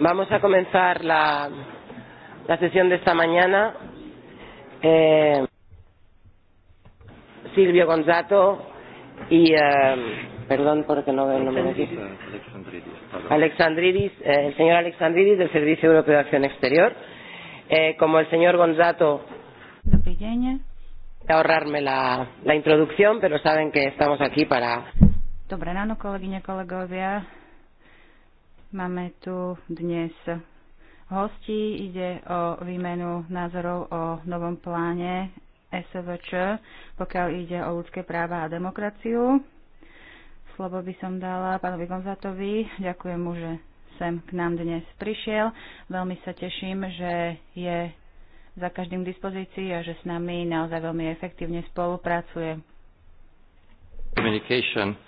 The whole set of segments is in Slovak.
Vamos a comenzar la, la sesión de esta mañana. Eh, Silvio Gonzato y, eh, perdón porque no veo no el nombre de aquí. Alexandridis, Alexandridis eh, el señor Alexandridis del Servicio Europeo de Acción Exterior. Eh, como el señor Gonzato. voy a Ahorrarme la, la introducción, pero saben que estamos aquí para. Dobre ráno, kolegyne, kolegovia Máme tu dnes hostí. Ide o výmenu názorov o novom pláne SVČ, pokiaľ ide o ľudské práva a demokraciu. Slovo by som dala pánovi Gonzatovi. Ďakujem mu, že sem k nám dnes prišiel. Veľmi sa teším, že je za každým k dispozícii a že s nami naozaj veľmi efektívne spolupracuje. Communication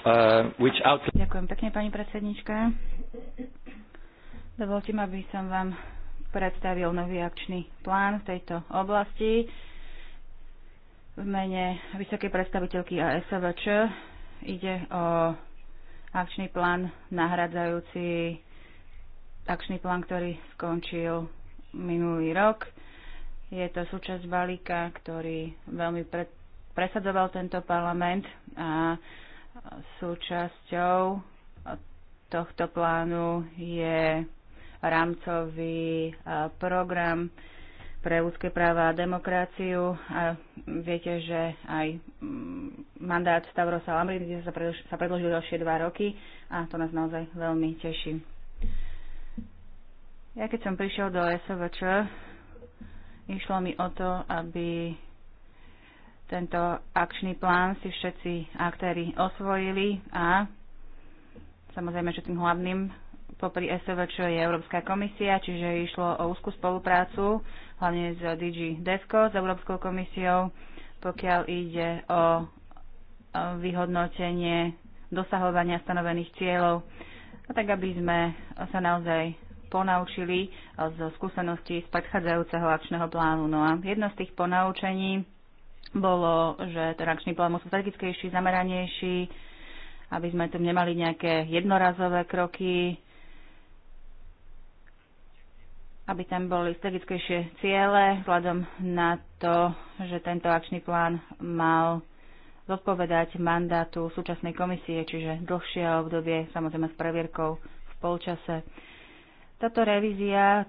Uh, which out... Ďakujem pekne, pani predsednička. Dovolte mi, aby som vám predstavil nový akčný plán v tejto oblasti. V mene vysokej predstaviteľky ASVČ ide o akčný plán nahradzajúci akčný plán, ktorý skončil minulý rok. Je to súčasť balíka, ktorý veľmi pre, presadzoval tento parlament a Súčasťou tohto plánu je rámcový program pre ľudské práva a demokraciu. A viete, že aj mm, mandát Stavrosa Lambrinidisa sa, sa predložil ďalšie dva roky a to nás naozaj veľmi teší. Ja keď som prišiel do SVČ, išlo mi o to, aby tento akčný plán si všetci aktéry osvojili a samozrejme, že tým hlavným popri SVČ je Európska komisia, čiže išlo o úzkú spoluprácu, hlavne s DG Desco, s Európskou komisiou, pokiaľ ide o vyhodnotenie dosahovania stanovených cieľov, a tak aby sme sa naozaj ponaučili zo skúseností z predchádzajúceho akčného plánu. No a jedno z tých ponaučení bolo, že ten akčný plán musí strategickejší, zameranejší, aby sme tu nemali nejaké jednorazové kroky, aby tam boli strategickejšie ciele, vzhľadom na to, že tento akčný plán mal zodpovedať mandátu súčasnej komisie, čiže dlhšie obdobie, samozrejme s previerkou v polčase. Táto revízia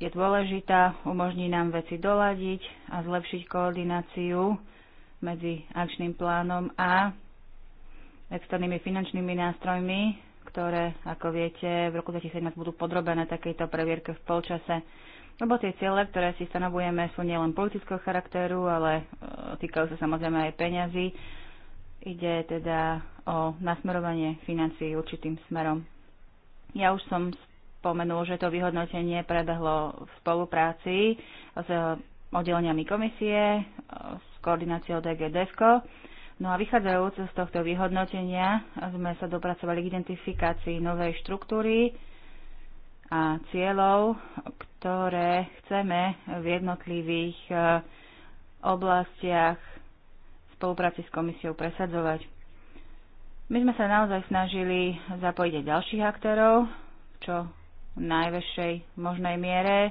je dôležitá, umožní nám veci doladiť a zlepšiť koordináciu medzi akčným plánom a externými finančnými nástrojmi, ktoré, ako viete, v roku 2017 budú podrobené takejto previerke v polčase. Lebo tie ciele, ktoré si stanovujeme, sú nielen politického charakteru, ale e, týkajú sa samozrejme aj peňazí. Ide teda o nasmerovanie financií určitým smerom. Ja už som spomenul, že to vyhodnotenie prebehlo v spolupráci s oddeleniami komisie, s koordináciou DGDFCO. No a vychádzajúc z tohto vyhodnotenia sme sa dopracovali k identifikácii novej štruktúry a cieľov, ktoré chceme v jednotlivých e, oblastiach v spolupráci s komisiou presadzovať. My sme sa naozaj snažili zapojiť aj ďalších aktérov, čo v najväčšej možnej miere.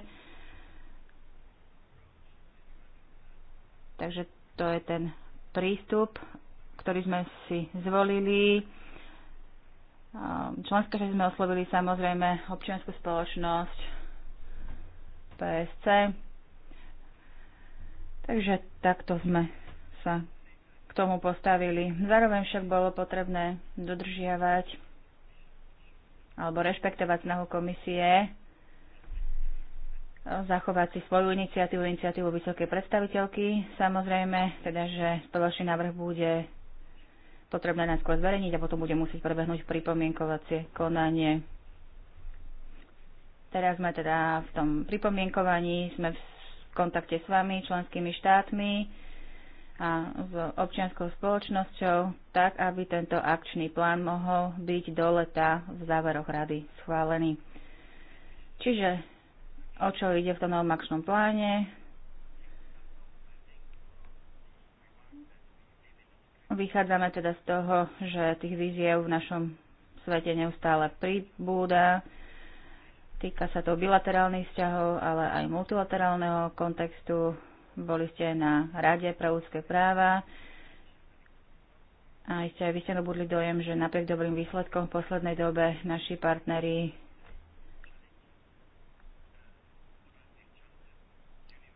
Takže to je ten prístup, ktorý sme si zvolili. Ehm, členské štáty sme oslovili samozrejme občianskú spoločnosť PSC. Takže takto sme sa k tomu postavili. Zároveň však bolo potrebné dodržiavať alebo rešpektovať snahu komisie e, zachovať si svoju iniciatívu, iniciatívu vysokej predstaviteľky. Samozrejme, teda, že spoločný návrh bude potrebné najskôr zverejniť a potom bude musieť prebehnúť pripomienkovacie konanie. Teraz sme teda v tom pripomienkovaní, sme v kontakte s vami, členskými štátmi a s občianskou spoločnosťou, tak aby tento akčný plán mohol byť do leta v záveroch rady schválený. Čiže o čo ide v tom novom akčnom pláne? Vychádzame teda z toho, že tých víziev v našom svete neustále pribúda. Týka sa to bilaterálnych vzťahov, ale aj multilaterálneho kontextu boli ste na Rade pre ľudské práva a ste aj vy ste nabudli dojem, že napriek dobrým výsledkom v poslednej dobe naši partneri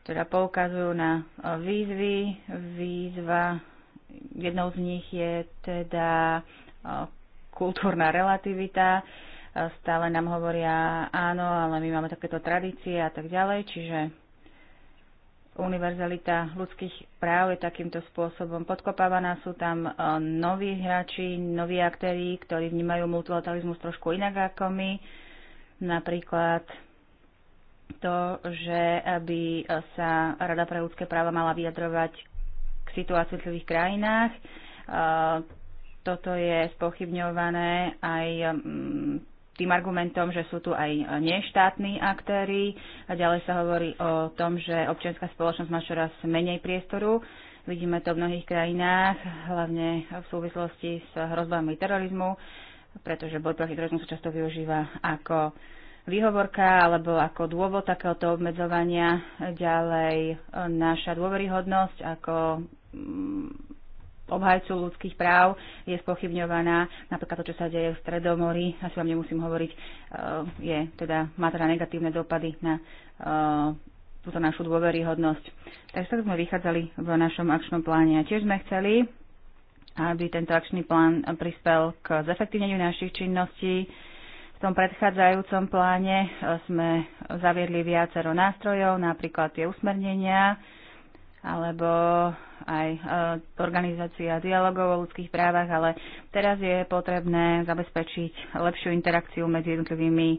teda poukazujú na výzvy. Výzva, jednou z nich je teda e, kultúrna relativita. E, stále nám hovoria áno, ale my máme takéto tradície a tak ďalej, čiže univerzalita ľudských práv je takýmto spôsobom podkopávaná. Sú tam e, noví hráči, noví aktéry, ktorí vnímajú multilateralizmus trošku inak ako my. Napríklad to, že by e, sa Rada pre ľudské práva mala vyjadrovať k situácii v jednotlivých krajinách. E, toto je spochybňované aj tým argumentom, že sú tu aj neštátni aktéry a ďalej sa hovorí o tom, že občianská spoločnosť má čoraz menej priestoru. Vidíme to v mnohých krajinách, hlavne v súvislosti s hrozbami terorizmu, pretože boj proti terorizmu sa často využíva ako výhovorka alebo ako dôvod takéhoto obmedzovania. Ďalej naša dôveryhodnosť ako mm, obhajcu ľudských práv je spochybňovaná. Napríklad to, čo sa deje v Stredomori, asi vám nemusím hovoriť, eh, je, teda, má teda negatívne dopady na eh, túto našu dôveryhodnosť. Takže tak sme vychádzali v našom akčnom pláne. A tiež sme chceli, aby tento akčný plán prispel k zefektívneniu našich činností. V tom predchádzajúcom pláne eh, sme zaviedli viacero nástrojov, napríklad tie usmernenia, alebo aj e, organizácia dialogov o ľudských právach, ale teraz je potrebné zabezpečiť lepšiu interakciu medzi jednotlivými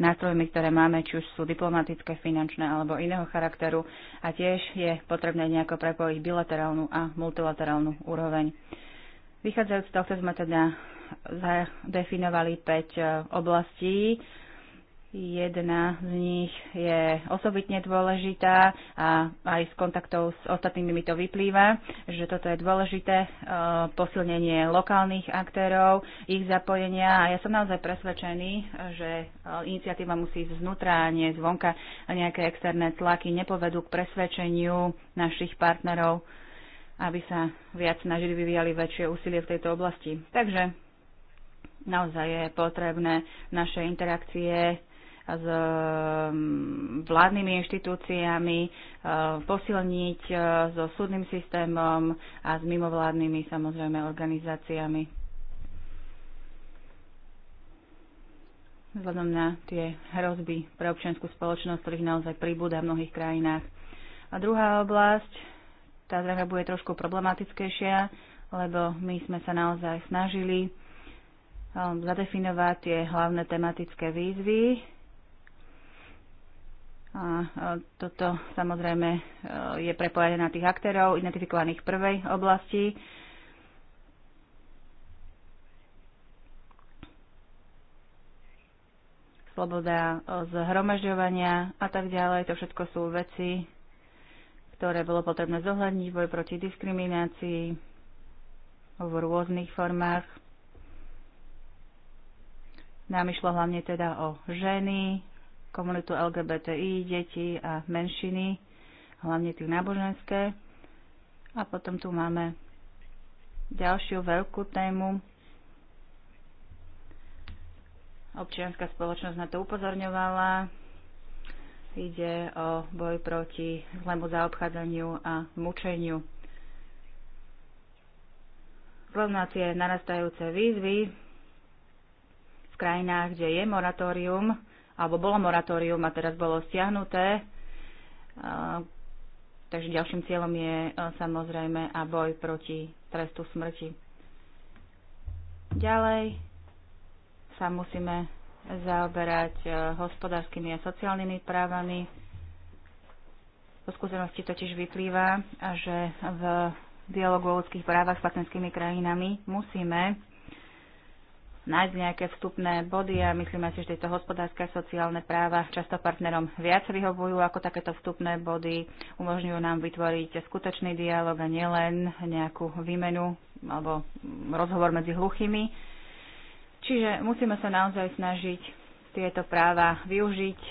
nástrojmi, ktoré máme, či už sú diplomatické, finančné alebo iného charakteru a tiež je potrebné nejako prepojiť bilaterálnu a multilaterálnu úroveň. Vychádzajúc z tohto sme teda zadefinovali 5 e, oblastí, Jedna z nich je osobitne dôležitá a aj z kontaktov s ostatnými mi to vyplýva, že toto je dôležité e, posilnenie lokálnych aktérov, ich zapojenia a ja som naozaj presvedčený, že e, iniciatíva musí ísť znútra a nie zvonka a nejaké externé tlaky nepovedú k presvedčeniu našich partnerov, aby sa viac snažili vyvíjali väčšie úsilie v tejto oblasti. Takže naozaj je potrebné naše interakcie s mm, vládnymi inštitúciami, e, posilniť e, so súdnym systémom a s mimovládnymi samozrejme organizáciami. Vzhľadom na tie hrozby pre občianskú spoločnosť, ktorých naozaj pribúda v mnohých krajinách. A druhá oblasť, tá zrejme bude trošku problematickejšia, lebo my sme sa naozaj snažili um, zadefinovať tie hlavné tematické výzvy, a e, toto samozrejme e, je prepojené na tých aktérov identifikovaných v prvej oblasti. sloboda e, zhromažďovania a tak ďalej. To všetko sú veci, ktoré bolo potrebné zohľadniť boj proti diskriminácii v rôznych formách. Nám išlo hlavne teda o ženy, komunitu LGBTI, deti a menšiny, hlavne tie náboženské. A potom tu máme ďalšiu veľkú tému. Občianská spoločnosť na to upozorňovala. Ide o boj proti zlému zaobchádzaniu a mučeniu. Zrovna tie narastajúce výzvy v krajinách, kde je moratórium alebo bolo moratórium a teraz bolo stiahnuté. Takže ďalším cieľom je samozrejme a boj proti trestu smrti. Ďalej sa musíme zaoberať hospodárskymi a sociálnymi právami. Po skúsenosti totiž vyplýva, že v dialogu o ľudských právach s partnerskými krajinami musíme nájsť nejaké vstupné body a myslíme si, že tieto hospodárske a sociálne práva často partnerom viac vyhovujú ako takéto vstupné body, umožňujú nám vytvoriť skutočný dialog a nielen nejakú výmenu alebo rozhovor medzi hluchými. Čiže musíme sa naozaj snažiť tieto práva využiť eh,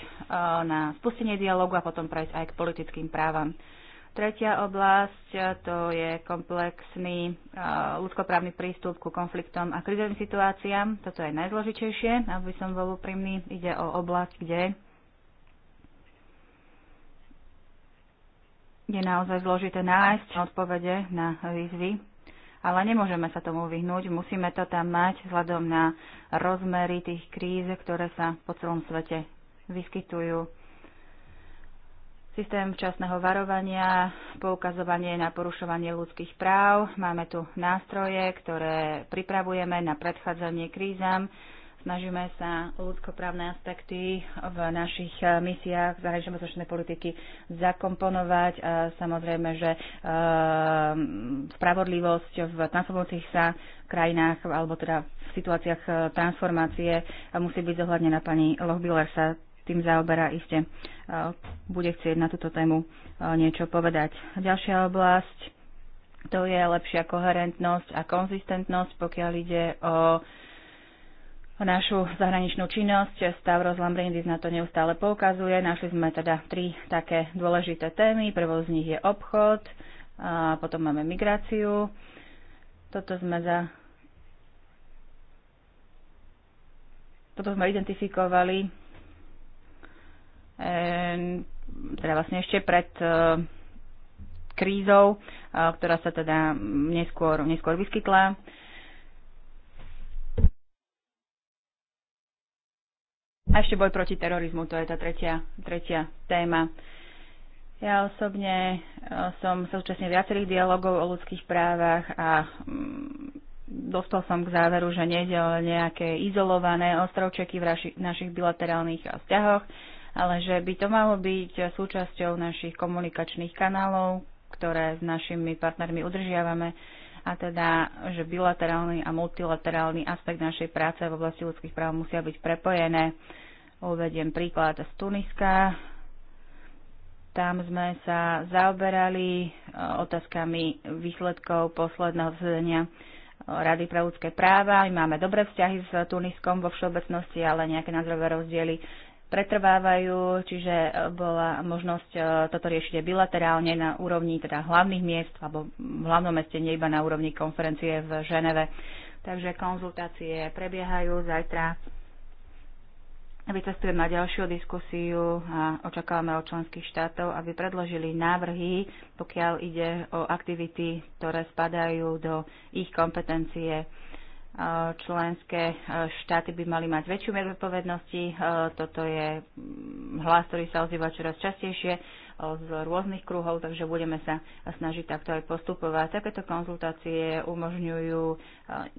na spustenie dialogu a potom prejsť aj k politickým právam. Tretia oblasť eh, to je komplexný eh, ľudskoprávny prístup ku konfliktom a krizovým situáciám. Toto je najzložitejšie, aby som bol úprimný. Ide o oblasť, kde je naozaj zložité nájsť odpovede na výzvy, ale nemôžeme sa tomu vyhnúť. Musíme to tam mať vzhľadom na rozmery tých kríz, ktoré sa po celom svete vyskytujú. Systém včasného varovania, poukazovanie na porušovanie ľudských práv. Máme tu nástroje, ktoré pripravujeme na predchádzanie krízam. Snažíme sa ľudskoprávne aspekty v našich eh, misiách zahraničnej bezpečnej politiky zakomponovať. Eh, samozrejme, že eh, spravodlivosť v transformujúcich sa krajinách alebo teda v situáciách transformácie musí byť zohľadnená. Pani Lohbiller sa tým zaoberá iste. E, bude chcieť na túto tému e, niečo povedať. Ďalšia oblasť to je lepšia koherentnosť a konzistentnosť, pokiaľ ide o našu zahraničnú činnosť. Stavros Lambrindis na to neustále poukazuje. Našli sme teda tri také dôležité témy. Prvou z nich je obchod, a potom máme migráciu. Toto sme za toto sme identifikovali Ehm, teda vlastne ešte pred e, krízou, e, ktorá sa teda neskôr, neskôr vyskytla. A ešte boj proti terorizmu, to je tá tretia, tretia téma. Ja osobne e, som sa účastnil viacerých dialogov o ľudských právach a mm, dostal som k záveru, že nejde o nejaké izolované ostrovčeky v našich bilaterálnych vzťahoch, ale že by to malo byť súčasťou našich komunikačných kanálov, ktoré s našimi partnermi udržiavame a teda, že bilaterálny a multilaterálny aspekt našej práce v oblasti ľudských práv musia byť prepojené. Uvediem príklad z Tuniska. Tam sme sa zaoberali e, otázkami výsledkov posledného zasedania e, Rady pre ľudské práva. My máme dobré vzťahy s Tuniskom vo všeobecnosti, ale nejaké názorové rozdiely pretrvávajú, čiže e, bola možnosť e, toto riešiť bilaterálne na úrovni teda hlavných miest, alebo v hlavnom meste, nie iba na úrovni konferencie v Ženeve. Takže konzultácie prebiehajú zajtra. Vycestujem na ďalšiu diskusiu a očakávame od členských štátov, aby predložili návrhy, pokiaľ ide o aktivity, ktoré spadajú do ich kompetencie členské e, štáty by mali mať väčšiu mieru zodpovednosti. E, toto je mm, hlas, ktorý sa ozýva čoraz častejšie e, z rôznych kruhov, takže budeme sa snažiť takto aj postupovať. Takéto konzultácie umožňujú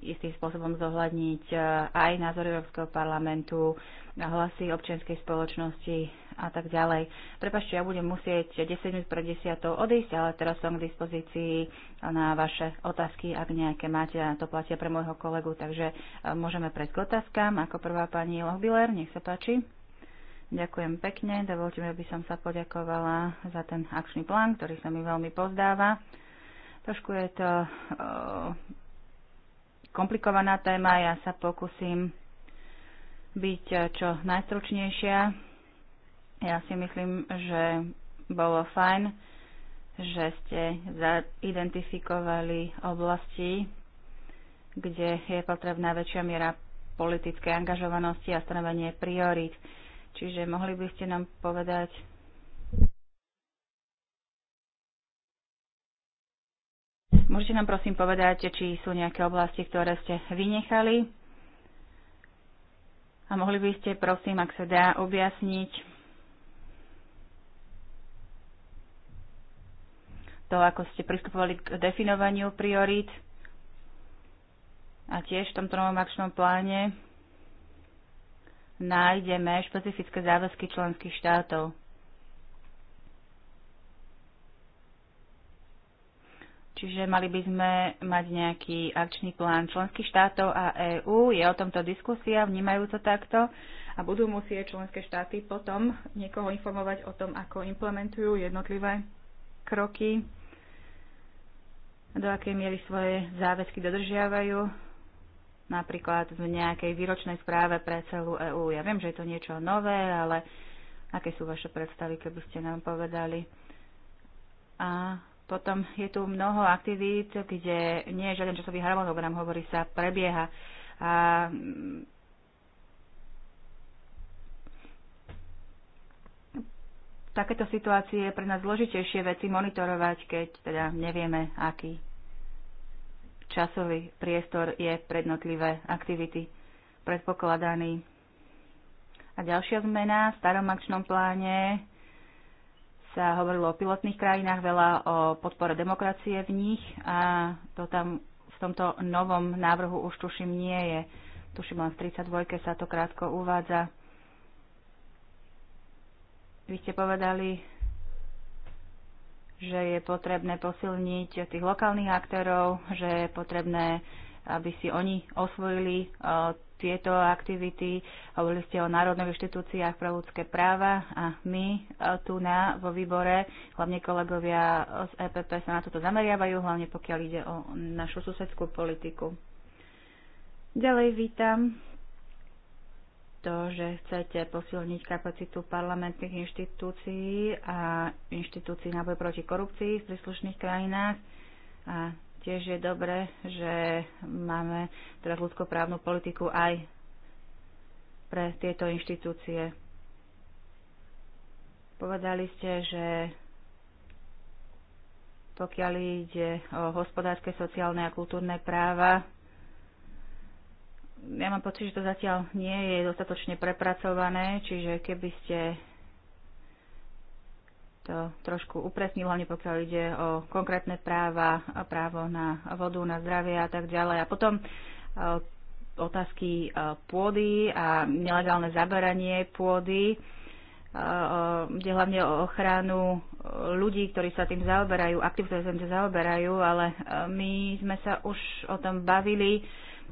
istým spôsobom zohľadniť aj názor Európskeho parlamentu, hlasy občianskej spoločnosti, a tak ďalej. Prepašte, ja budem musieť 10 minút pred 10 odísť, ale teraz som k dispozícii na vaše otázky, ak nejaké máte, a to platia pre môjho kolegu, takže e, môžeme prejsť k otázkam. Ako prvá pani Lohbiller, nech sa páči. Ďakujem pekne, dovolte mi, aby som sa poďakovala za ten akčný plán, ktorý sa mi veľmi pozdáva. Trošku je to e, komplikovaná téma, ja sa pokúsim byť e, čo najstručnejšia ja si myslím, že bolo fajn, že ste zaidentifikovali oblasti, kde je potrebná väčšia miera politickej angažovanosti a stanovenie priorít. Čiže mohli by ste nám povedať, Môžete nám prosím povedať, či sú nejaké oblasti, ktoré ste vynechali? A mohli by ste prosím, ak sa dá, objasniť, to, ako ste pristupovali k definovaniu priorít a tiež v tomto novom akčnom pláne nájdeme špecifické záväzky členských štátov. Čiže mali by sme mať nejaký akčný plán členských štátov a EÚ. Je o tomto diskusia, vnímajú to takto a budú musieť členské štáty potom niekoho informovať o tom, ako implementujú jednotlivé kroky do akej miery svoje záväzky dodržiavajú. Napríklad v nejakej výročnej správe pre celú EÚ. Ja viem, že je to niečo nové, ale aké sú vaše predstavy, keby ste nám povedali. A potom je tu mnoho aktivít, kde nie je žiaden časový harmonogram, hovorí sa, prebieha. A takéto situácie je pre nás zložitejšie veci monitorovať, keď teda nevieme, aký časový priestor je prednotlivé aktivity predpokladaný. A ďalšia zmena v starom akčnom pláne sa hovorilo o pilotných krajinách, veľa o podpore demokracie v nich a to tam v tomto novom návrhu už tuším nie je. Tuším len v 32 sa to krátko uvádza. Vy ste povedali, že je potrebné posilniť tých lokálnych aktérov, že je potrebné, aby si oni osvojili e, tieto aktivity. Hovorili ste o národných inštitúciách pre ľudské práva a my e, tu na vo výbore, hlavne kolegovia z EPP sa na toto zameriavajú, hlavne pokiaľ ide o našu susedskú politiku. Ďalej vítam to, že chcete posilniť kapacitu parlamentných inštitúcií a inštitúcií na boj proti korupcii v príslušných krajinách. A tiež je dobré, že máme teraz ľudskoprávnu politiku aj pre tieto inštitúcie. Povedali ste, že pokiaľ ide o hospodárske, sociálne a kultúrne práva, ja mám pocit, že to zatiaľ nie je dostatočne prepracované, čiže keby ste to trošku upresnil, hlavne pokiaľ ide o konkrétne práva, právo na vodu, na zdravie a tak ďalej. A potom e, otázky e, pôdy a nelegálne zaberanie pôdy, kde e, hlavne o ochranu ľudí, ktorí sa tým zaoberajú, aktív, ktorí sa tým zaoberajú, ale my sme sa už o tom bavili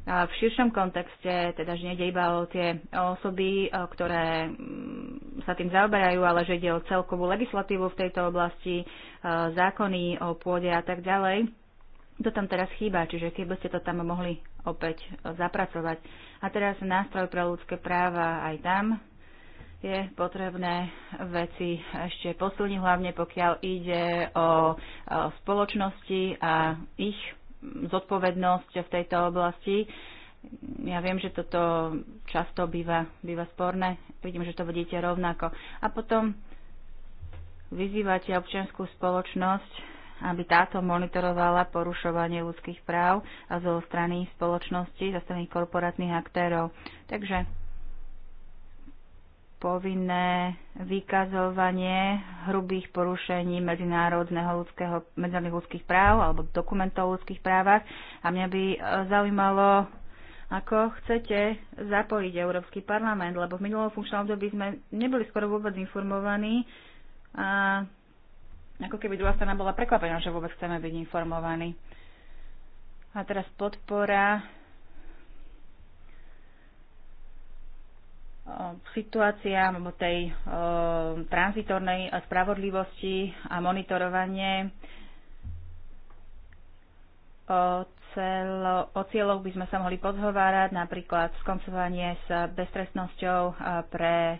v širšom kontexte, teda že nejde iba o tie osoby, ktoré mm, sa tým zaoberajú, ale že ide o celkovú legislatívu v tejto oblasti, e, zákony o pôde a tak ďalej. To tam teraz chýba, čiže keby ste to tam mohli opäť e, zapracovať. A teraz nástroj pre ľudské práva aj tam je potrebné veci ešte posilniť, hlavne pokiaľ ide o e, spoločnosti a ich zodpovednosť v tejto oblasti. Ja viem, že toto často býva, býva sporné. Vidím, že to vidíte rovnako. A potom vyzývate občianskú spoločnosť, aby táto monitorovala porušovanie ľudských práv a zo strany spoločnosti, zo strany korporátnych aktérov. Takže povinné vykazovanie hrubých porušení medzinárodného ľudského, medzinárodných ľudských práv alebo dokumentov o ľudských právach. A mňa by e, zaujímalo, ako chcete zapojiť Európsky parlament, lebo v minulom funkčnom období sme neboli skoro vôbec informovaní a ako keby druhá strana bola prekvapená, že vôbec chceme byť informovaní. A teraz podpora Eh, situácia alebo tej e, tranzitornej spravodlivosti a monitorovanie o, eh, celo, o cieľoch by sme sa mohli pozhovárať napríklad skoncovanie s beztrestnosťou pre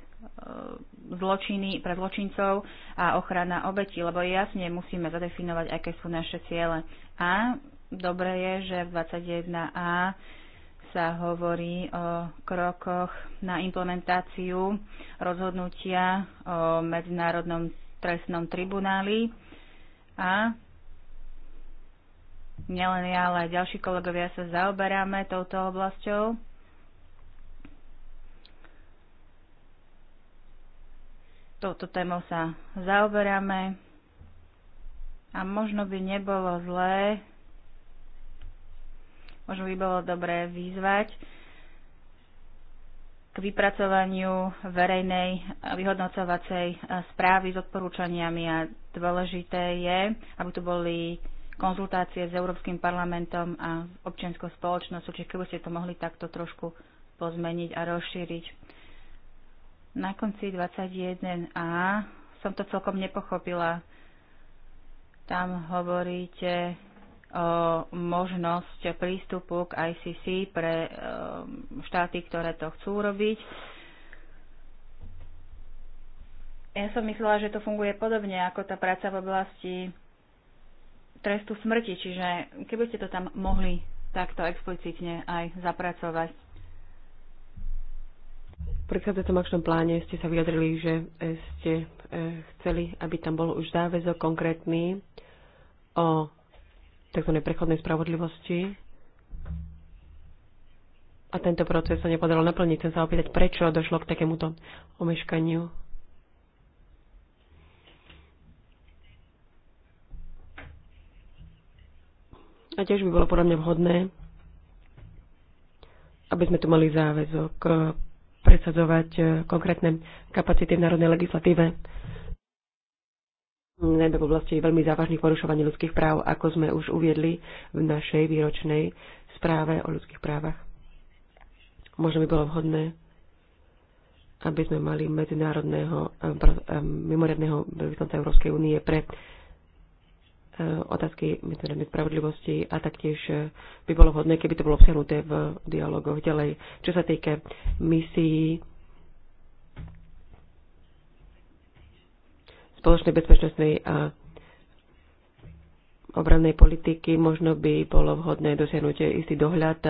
zločiny, pre zločincov a ochrana obetí, lebo jasne musíme zadefinovať, aké sú naše ciele. A dobre je, že v 21a sa hovorí o krokoch na implementáciu rozhodnutia o Medzinárodnom trestnom tribunáli a nielen ja, ale aj ďalší kolegovia sa zaoberáme touto oblasťou. Touto témou sa zaoberáme a možno by nebolo zlé možno by bolo dobré vyzvať k vypracovaniu verejnej vyhodnocovacej eh, správy s odporúčaniami a dôležité je, aby tu boli konzultácie s Európskym parlamentom a občianskou spoločnosťou, čiže keby ste to mohli takto trošku pozmeniť a rozšíriť. Na konci 21a som to celkom nepochopila. Tam hovoríte, možnosť prístupu k ICC pre štáty, ktoré to chcú robiť. Ja som myslela, že to funguje podobne ako tá práca v oblasti trestu smrti, čiže keby ste to tam mohli takto explicitne aj zapracovať. V predchádzajúcom akčnom pláne ste sa vyjadrili, že ste e, chceli, aby tam bol už záväzok konkrétny o tzv. prechodnej spravodlivosti. A tento proces sa nepodarilo naplniť. Chcem sa opýtať, prečo došlo k takémuto omeškaniu. A tiež by bolo podľa mňa vhodné, aby sme tu mali záväzok eh, presadzovať eh, konkrétne kapacity v národnej legislatíve najmä v oblasti veľmi závažných porušovaní ľudských práv, ako sme už uviedli v našej výročnej správe o ľudských právach. Možno by bolo vhodné, aby sme mali medzinárodného e, e, mimoriadného veľvyslanca Európskej únie pre e, otázky medzinárodnej spravodlivosti a taktiež by bolo vhodné, keby to bolo obsiahnuté v dialogoch ďalej. Čo sa týka misií, spoločnej bezpečnostnej a obrannej politiky možno by bolo vhodné dosiahnuť istý dohľad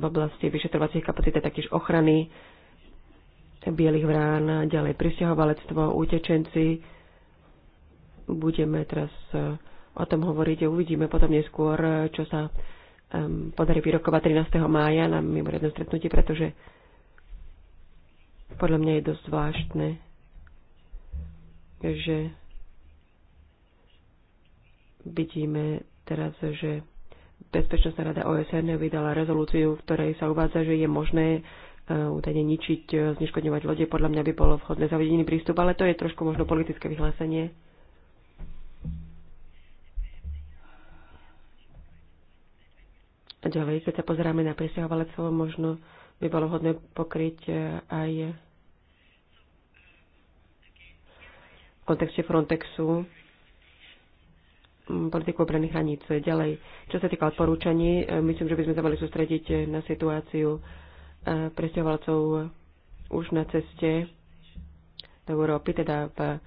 v oblasti vyšetrovacích kapacít a taktiež ochrany bielých vrán, ďalej prisťahovalectvo, utečenci. Budeme teraz o tom hovoriť a uvidíme potom neskôr, čo sa podarí vyrokovať 13. mája na mimoriadnom stretnutí, pretože podľa mňa je dosť zvláštne že vidíme teraz, že Bezpečnostná rada OSN vydala rezolúciu, v ktorej sa uvádza, že je možné e, údajne ničiť, e, zneškodňovať lode. Podľa mňa by bolo vhodné za prístup, ale to je trošku možno politické vyhlásenie. A ďalej, keď sa pozeráme na presiahovalectvo, možno by bolo vhodné pokryť e, aj kontexte Frontexu mm, politiku obrany hraníc. Ďalej, čo sa týka odporúčaní, e, myslím, že by sme sa mali sústrediť e, na situáciu e, presťahovalcov už na ceste do Európy, teda v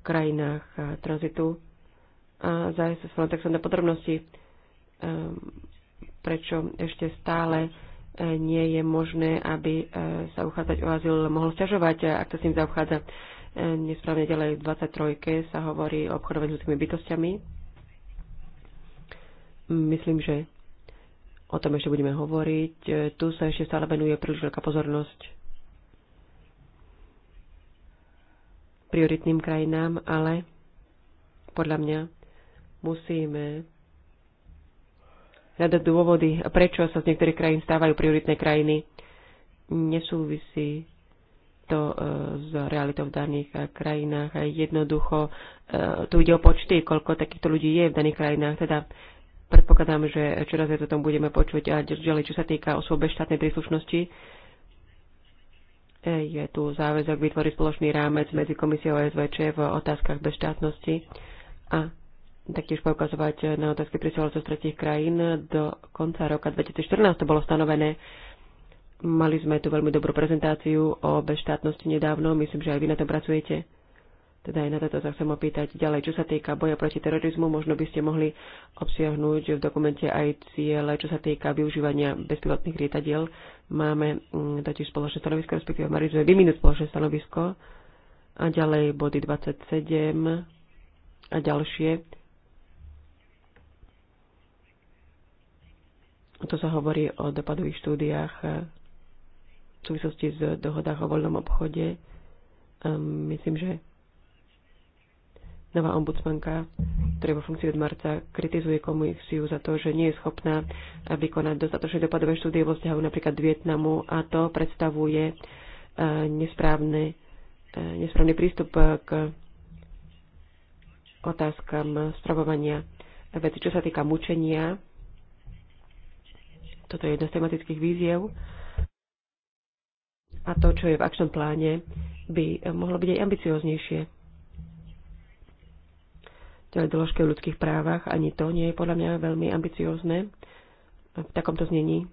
krajinách tranzitu. A zájsť s Frontexom na podrobnosti, prečo ešte stále nie je možné, aby sa uchádzať o azyl mohol sťažovať, ak sa s ním zaobchádza nesprávne ďalej v 23. sa hovorí o obchodovaní s ľudskými bytostiami. Myslím, že o tom ešte budeme hovoriť. Tu sa ešte stále venuje príliš veľká pozornosť prioritným krajinám, ale podľa mňa musíme hľadať dôvody, prečo sa z niektorých krajín stávajú prioritné krajiny. Nesúvisí to e, s realitou v daných e, krajinách. Jednoducho, e, tu ide o počty, koľko takýchto ľudí je v daných krajinách. Teda predpokladám, že čoraz viac o tom budeme počuť. A ďalej, čo sa týka osôb štátnej príslušnosti, je tu záväzok vytvoriť spoločný rámec medzi komisiou a SVČ v otázkach bezštátnosti a taktiež poukazovať na otázky prisielcov z tretich krajín. Do konca roka 2014 to bolo stanovené Mali sme tu veľmi dobrú prezentáciu o bezštátnosti nedávno, myslím, že aj vy na to pracujete. Teda aj na toto sa chcem opýtať ďalej. Čo sa týka boja proti terorizmu, možno by ste mohli obsiahnuť v dokumente aj ciele, čo sa týka využívania bezpilotných lietadiel. Máme mm, totiž spoločné stanovisko, respektíve mali sme vyminúť spoločné stanovisko a ďalej body 27 a ďalšie. to sa hovorí o dopadových štúdiách súvislosti s dohodách o voľnom obchode. Ehm, myslím, že nová ombudsmanka, ktorá vo funkcii od marca kritizuje komisiu za to, že nie je schopná vykonať dostatočné dopadové štúdie vo vzťahu napríklad Vietnamu a to predstavuje eh, nesprávne, eh, nesprávny prístup k otázkam spravovania veci, čo sa týka mučenia. Toto je jedna z tematických víziev, a to, čo je v akčnom pláne, by mohlo byť aj ambicioznejšie. je doložke o ľudských právach, ani to nie je podľa mňa veľmi ambiciozne v takomto znení.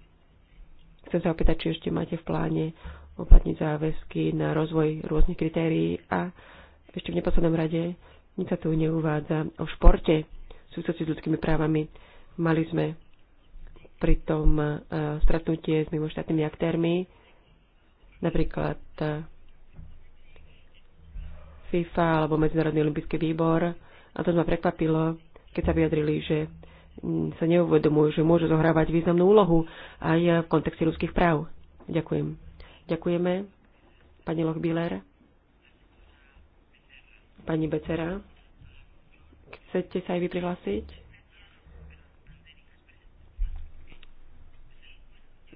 Chcem sa opýtať, či ešte máte v pláne uplatniť záväzky na rozvoj rôznych kritérií a ešte v neposlednom rade nič sa tu neuvádza o športe v súvislosti s ľudskými právami. Mali sme pri tom eh, stretnutie s mimoštátnymi aktérmi, Napríklad e, FIFA alebo Medzinárodný olympijský výbor. A to ma prekvapilo, keď sa vyjadrili, že mm, sa neuvedomujú, že môžu zohrávať významnú úlohu aj v kontexte ľudských práv. Ďakujem. Ďakujeme. Pani Lochbiller. Pani Becera. Chcete sa aj vy prihlásiť?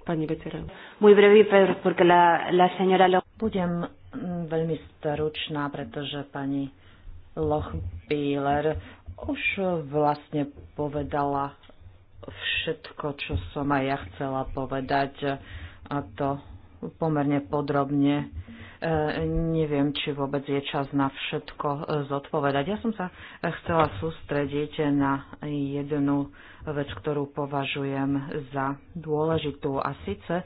Pani Becera. Muy breve, porque la, la señora Loh... Budem mm, veľmi staručná, pretože pani Lochbíler už vlastne povedala všetko, čo som aj ja chcela povedať a to pomerne podrobne neviem, či vôbec je čas na všetko e, zodpovedať. Ja som sa chcela sústrediť na jednu vec, ktorú považujem za dôležitú a síce e,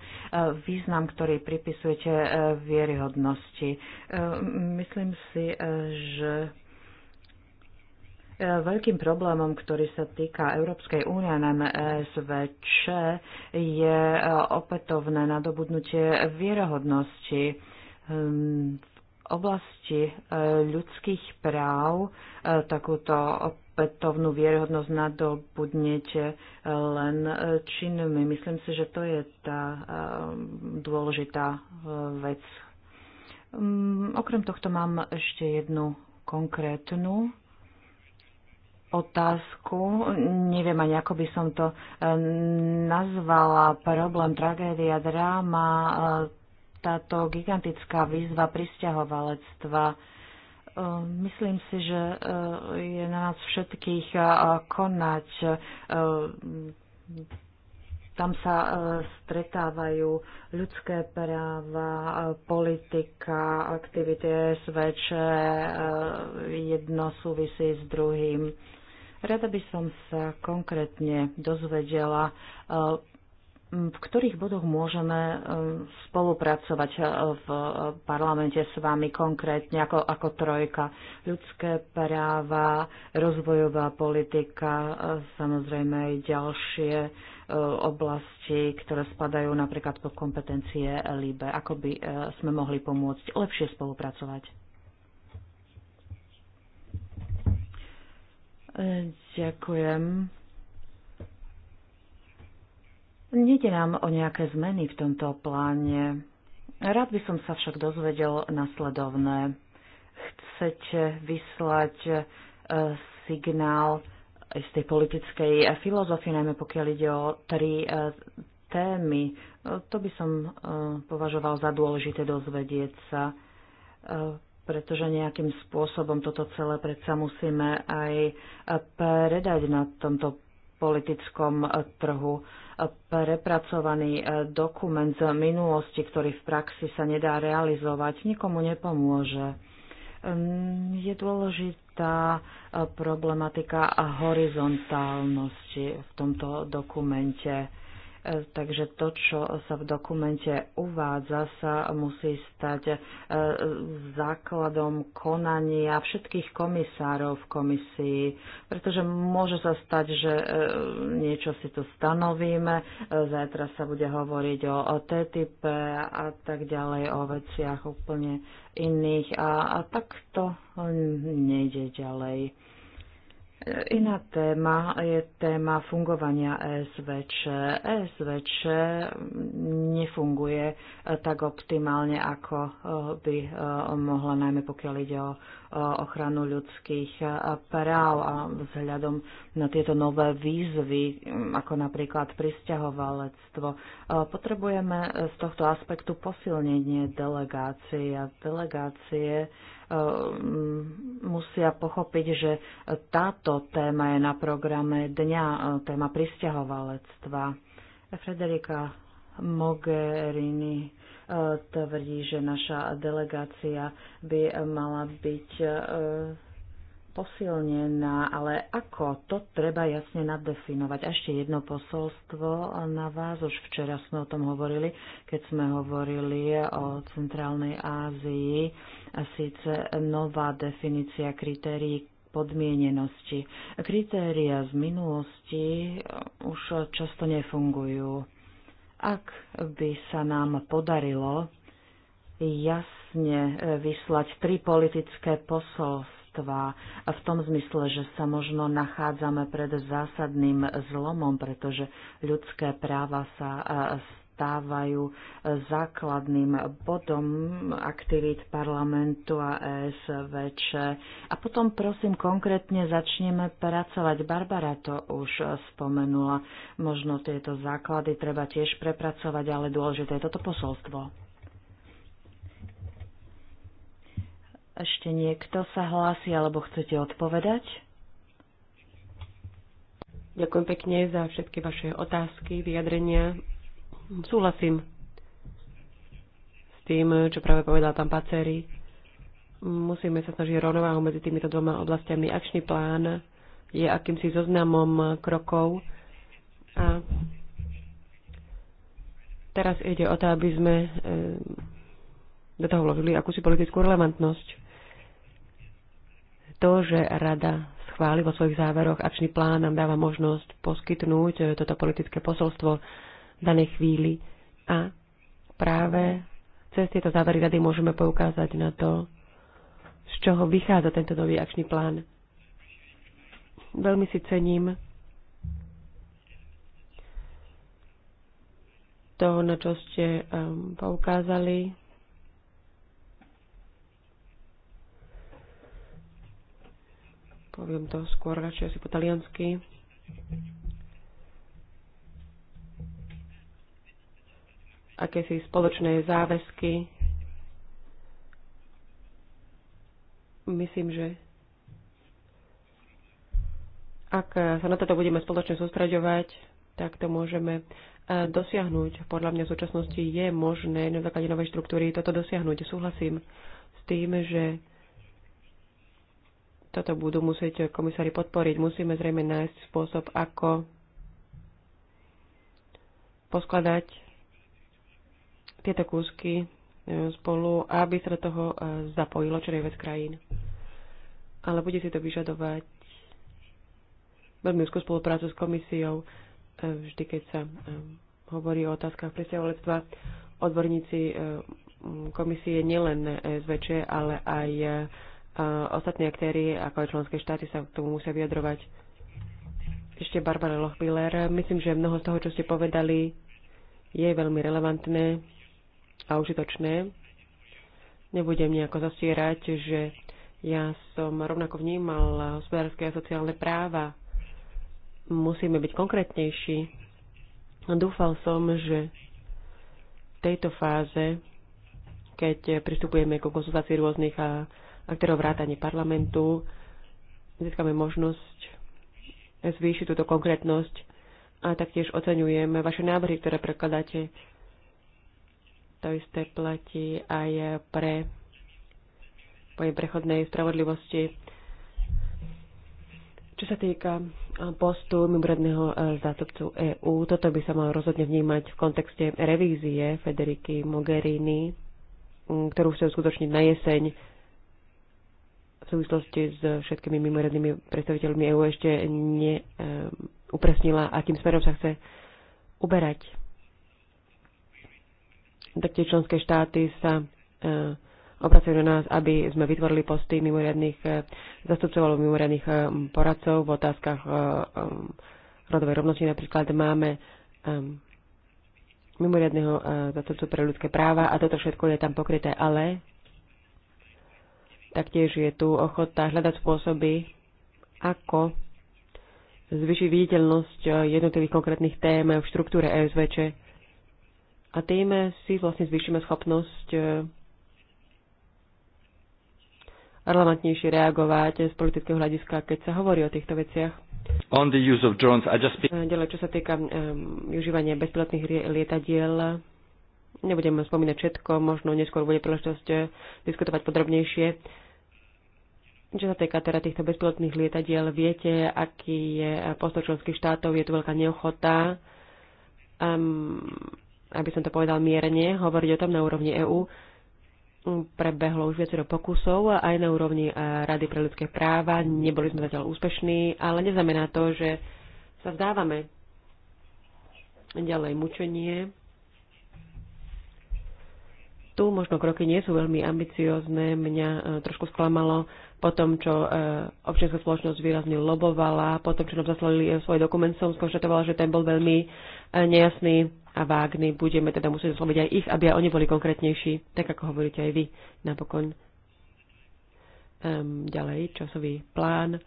význam, ktorý pripisujete e, vieryhodnosti. Myslím si, že Veľkým problémom, ktorý sa týka Európskej únie, najmä ESVČ, je opätovné nadobudnutie vierohodnosti Ehm, v oblasti e, ľudských práv e, takúto opätovnú vierhodnosť nadobudnete e, len činmi. Myslím si, že to je tá dôležitá vec. Mm, okrem tohto mám ešte jednu konkrétnu otázku. Neviem ani, ako by som to nazvala. Problém, tragédia, dráma, táto gigantická výzva pristahovalectva. Ehm, myslím si, že eh, je na nás všetkých eh, konať. Ehm, tam sa eh, stretávajú ľudské práva, politika, aktivity SVČ, jedno súvisí s druhým. Rada by som sa konkrétne dozvedela v ktorých bodoch môžeme e, spolupracovať e, v parlamente s vami konkrétne ako, ako trojka. Ľudské práva, rozvojová politika, e, samozrejme aj ďalšie oblasti, ktoré spadajú napríklad pod kompetencie LIBE. Ako by sme mohli pomôcť lepšie spolupracovať? Ďakujem. Nede nám o nejaké zmeny v tomto pláne. Rád by som sa však dozvedel nasledovné. Chcete vyslať e, signál z tej politickej filozofie, najmä pokiaľ ide o tri e, témy. E, to by som považoval za dôležité dozvedieť sa, pretože nejakým spôsobom toto celé predsa musíme aj predať na tomto politickom eh, trhu. Eh, prepracovaný eh, dokument z minulosti, ktorý v praxi sa nedá realizovať, nikomu nepomôže. Je dôležitá problematika horizontálnosti v tomto dokumente Takže to, čo sa v dokumente uvádza, sa musí stať e, základom konania všetkých komisárov v komisii, pretože môže sa stať, že e, niečo si tu stanovíme, e, zajtra sa bude hovoriť o TTIP a tak ďalej, o veciach úplne iných a, a tak to nejde ďalej. Iná téma je téma fungovania ESVČ. ESVČ nefunguje tak optimálne, ako by eh, mohla, najmä pokiaľ ide o ochranu ľudských eh, práv a vzhľadom na tieto nové výzvy, hm, ako napríklad pristahovalectvo. Eh, potrebujeme z tohto aspektu posilnenie delegácie a delegácie Ehm, musia pochopiť, že táto téma je na programe dňa, e, téma pristahovalectva. Frederika Mogherini e, tvrdí, že naša delegácia by mala byť e, posilnená, ale ako to treba jasne nadefinovať. ešte jedno posolstvo na vás, už včera sme o tom hovorili, keď sme hovorili o Centrálnej Ázii, a síce nová definícia kritérií podmienenosti. Kritéria z minulosti už často nefungujú. Ak by sa nám podarilo jasne vyslať tri politické posolstva, bohatstva v tom zmysle, že sa možno nachádzame pred zásadným zlomom, pretože ľudské práva sa e, stávajú e, základným bodom aktivít parlamentu a ESVČ. A potom prosím konkrétne začneme pracovať. Barbara to už spomenula. Možno tieto základy treba tiež prepracovať, ale dôležité je toto posolstvo. Ešte niekto sa hlási, alebo chcete odpovedať? Ďakujem pekne za všetky vaše otázky, vyjadrenia. Súhlasím s tým, čo práve povedal pán Paceri. Musíme sa snažiť rovnováhu medzi týmito dvoma oblastiami. Akčný plán je akýmsi zoznamom krokov a teraz ide o to, aby sme eh, do toho vložili akúsi politickú relevantnosť to, že Rada schváli vo svojich záveroch akčný plán, nám dáva možnosť poskytnúť eh, toto politické posolstvo v danej chvíli. A práve cez tieto závery Rady môžeme poukázať na to, z čoho vychádza tento nový akčný plán. Veľmi si cením to, na čo ste um, poukázali Poviem to skôr radšej asi po taliansky. Akési spoločné záväzky. Myslím, že ak sa na toto budeme spoločne sústraďovať, tak to môžeme e, dosiahnuť. Podľa mňa v súčasnosti je možné na základe novej štruktúry toto dosiahnuť. Súhlasím s tým, že toto budú musieť komisári podporiť. Musíme zrejme nájsť spôsob, ako poskladať tieto kúsky e, spolu, aby sa do toho e, zapojilo čo najviac krajín. Ale bude si to vyžadovať veľmi úzkú spoluprácu s komisiou, e, vždy keď sa hovorí o otázkach presťahovalectva. Odborníci komisie nielen SVČ, ale aj ostatní aktéry, ako aj členské štáty, sa k tomu musia vyjadrovať. Ešte Barbara Lochbiller. Myslím, že mnoho z toho, čo ste povedali, je veľmi relevantné a užitočné. Nebudem nejako zastierať, že ja som rovnako vnímal hospodárske a sociálne práva. Musíme byť konkrétnejší. Dúfal som, že v tejto fáze, keď pristupujeme ku konzultácii rôznych a a ktorého vrátane parlamentu získame možnosť zvýšiť túto konkrétnosť a taktiež oceňujem vaše návrhy, ktoré prekladáte. To isté platí aj pre pojem prechodnej spravodlivosti. Čo sa týka postu mimoriadného e, zástupcu EÚ, toto by sa malo rozhodne vnímať v kontexte revízie Federiky Mogherini, ktorú chce uskutočniť na jeseň v súvislosti s všetkými mimoriadnými predstaviteľmi EÚ ešte neupresnila, e, akým smerom sa chce uberať. Tak tie členské štáty sa e, obracajú na nás, aby sme vytvorili posty mimoriadných e, zastupcov alebo mimoriadných poradcov v otázkach rodovej rovnosti. Napríklad máme mimoriadného zastupcu pre ľudské práva a toto všetko je tam pokryté, ale Taktiež je tu ochota hľadať spôsoby, ako zvyšiť viditeľnosť jednotlivých konkrétnych tém v štruktúre ESVČ. A tým si vlastne zvýšime schopnosť e, relevantnejšie reagovať z politického hľadiska, keď sa hovorí o týchto veciach. On the use of drones, I just... Ďalej, čo sa týka um, využívania bezpilotných lietadiel, nebudem spomínať všetko, možno neskôr bude príležitosť e, diskutovať podrobnejšie. Čo sa týka teda týchto bezpilotných lietadiel, viete, aký je postoj členských štátov, je tu veľká neochota, um, aby som to povedal mierne, hovoriť o tom na úrovni EÚ. Prebehlo už viacero pokusov aj na úrovni eh, Rady pre ľudské práva. Neboli sme zatiaľ úspešní, ale neznamená to, že sa vzdávame. Ďalej mučenie. Tu možno kroky nie sú veľmi ambiciozne. Mňa eh, trošku sklamalo po tom, čo eh, občianská spoločnosť výrazne lobovala, po tom, čo nám zaslali eh, svoj dokument, som skonštatovala, že ten bol veľmi eh, nejasný a vágny. Budeme teda musieť osloviť aj ich, aby aj oni boli konkrétnejší, tak ako hovoríte aj vy napokon. Um, ďalej, časový plán.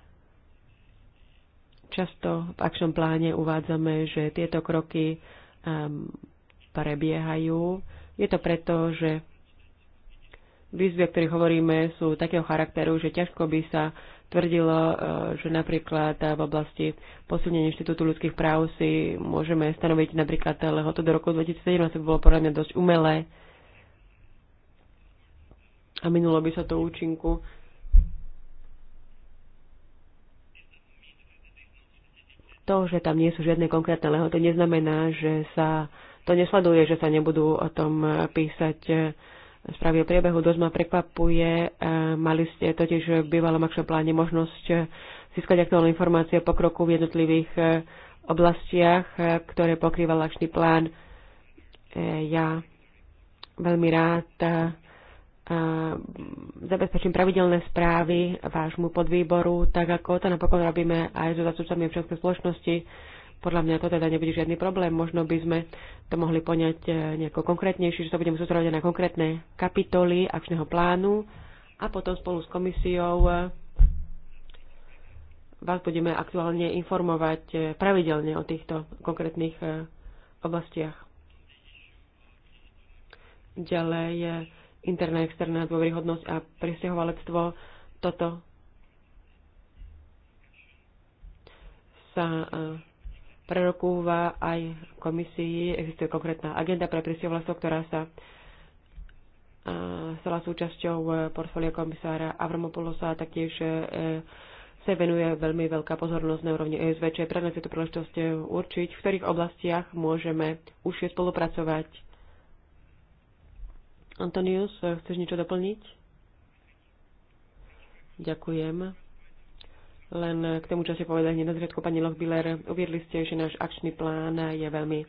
Často v akčnom pláne uvádzame, že tieto kroky um, prebiehajú. Je to preto, že Výzvy, o ktorých hovoríme, sú takého charakteru, že ťažko by sa tvrdilo, e, že napríklad e, v oblasti posilnenia inštitútu ľudských práv si môžeme stanoviť napríklad e, lehotu do roku 2017, to by bolo podľa mňa dosť umelé a minulo by sa to účinku. To, že tam nie sú žiadne konkrétne lehoty, neznamená, že sa to nesleduje, že sa nebudú o tom písať správy o priebehu. Dosť ma prekvapuje. E, mali ste totiž v bývalom akčnom pláne možnosť e, získať aktuálne informácie o pokroku v jednotlivých e, oblastiach, ktoré pokrýval akčný plán. Ja veľmi rád zabezpečím pravidelné správy vášmu podvýboru, tak ako to napokon robíme aj so zastupcami občianskej spoločnosti podľa mňa to teda nebude žiadny problém. Možno by sme to mohli poňať e, nejako konkrétnejšie, že sa budeme sústrediť na konkrétne kapitoly akčného plánu a potom spolu s komisiou e, vás budeme aktuálne informovať e, pravidelne o týchto konkrétnych oblastiach. Ďalej je interná, externá dôveryhodnosť a presťahovalectvo. Toto sa prerokúva aj v komisii. Existuje konkrétna agenda pre prisťovalstvo, ktorá sa stala súčasťou e, portfólia komisára Avramopoulosa a taktiež e, sa venuje veľmi veľká pozornosť na úrovni ESVČ. Pre nás je to príležitosť e, určiť, v ktorých oblastiach môžeme užšie spolupracovať. Antonius, chceš niečo doplniť? Ďakujem. Len k tomu, čo ste povedali hneď na začiatku, pani Lochbiller, uviedli ste, že náš akčný plán je veľmi e,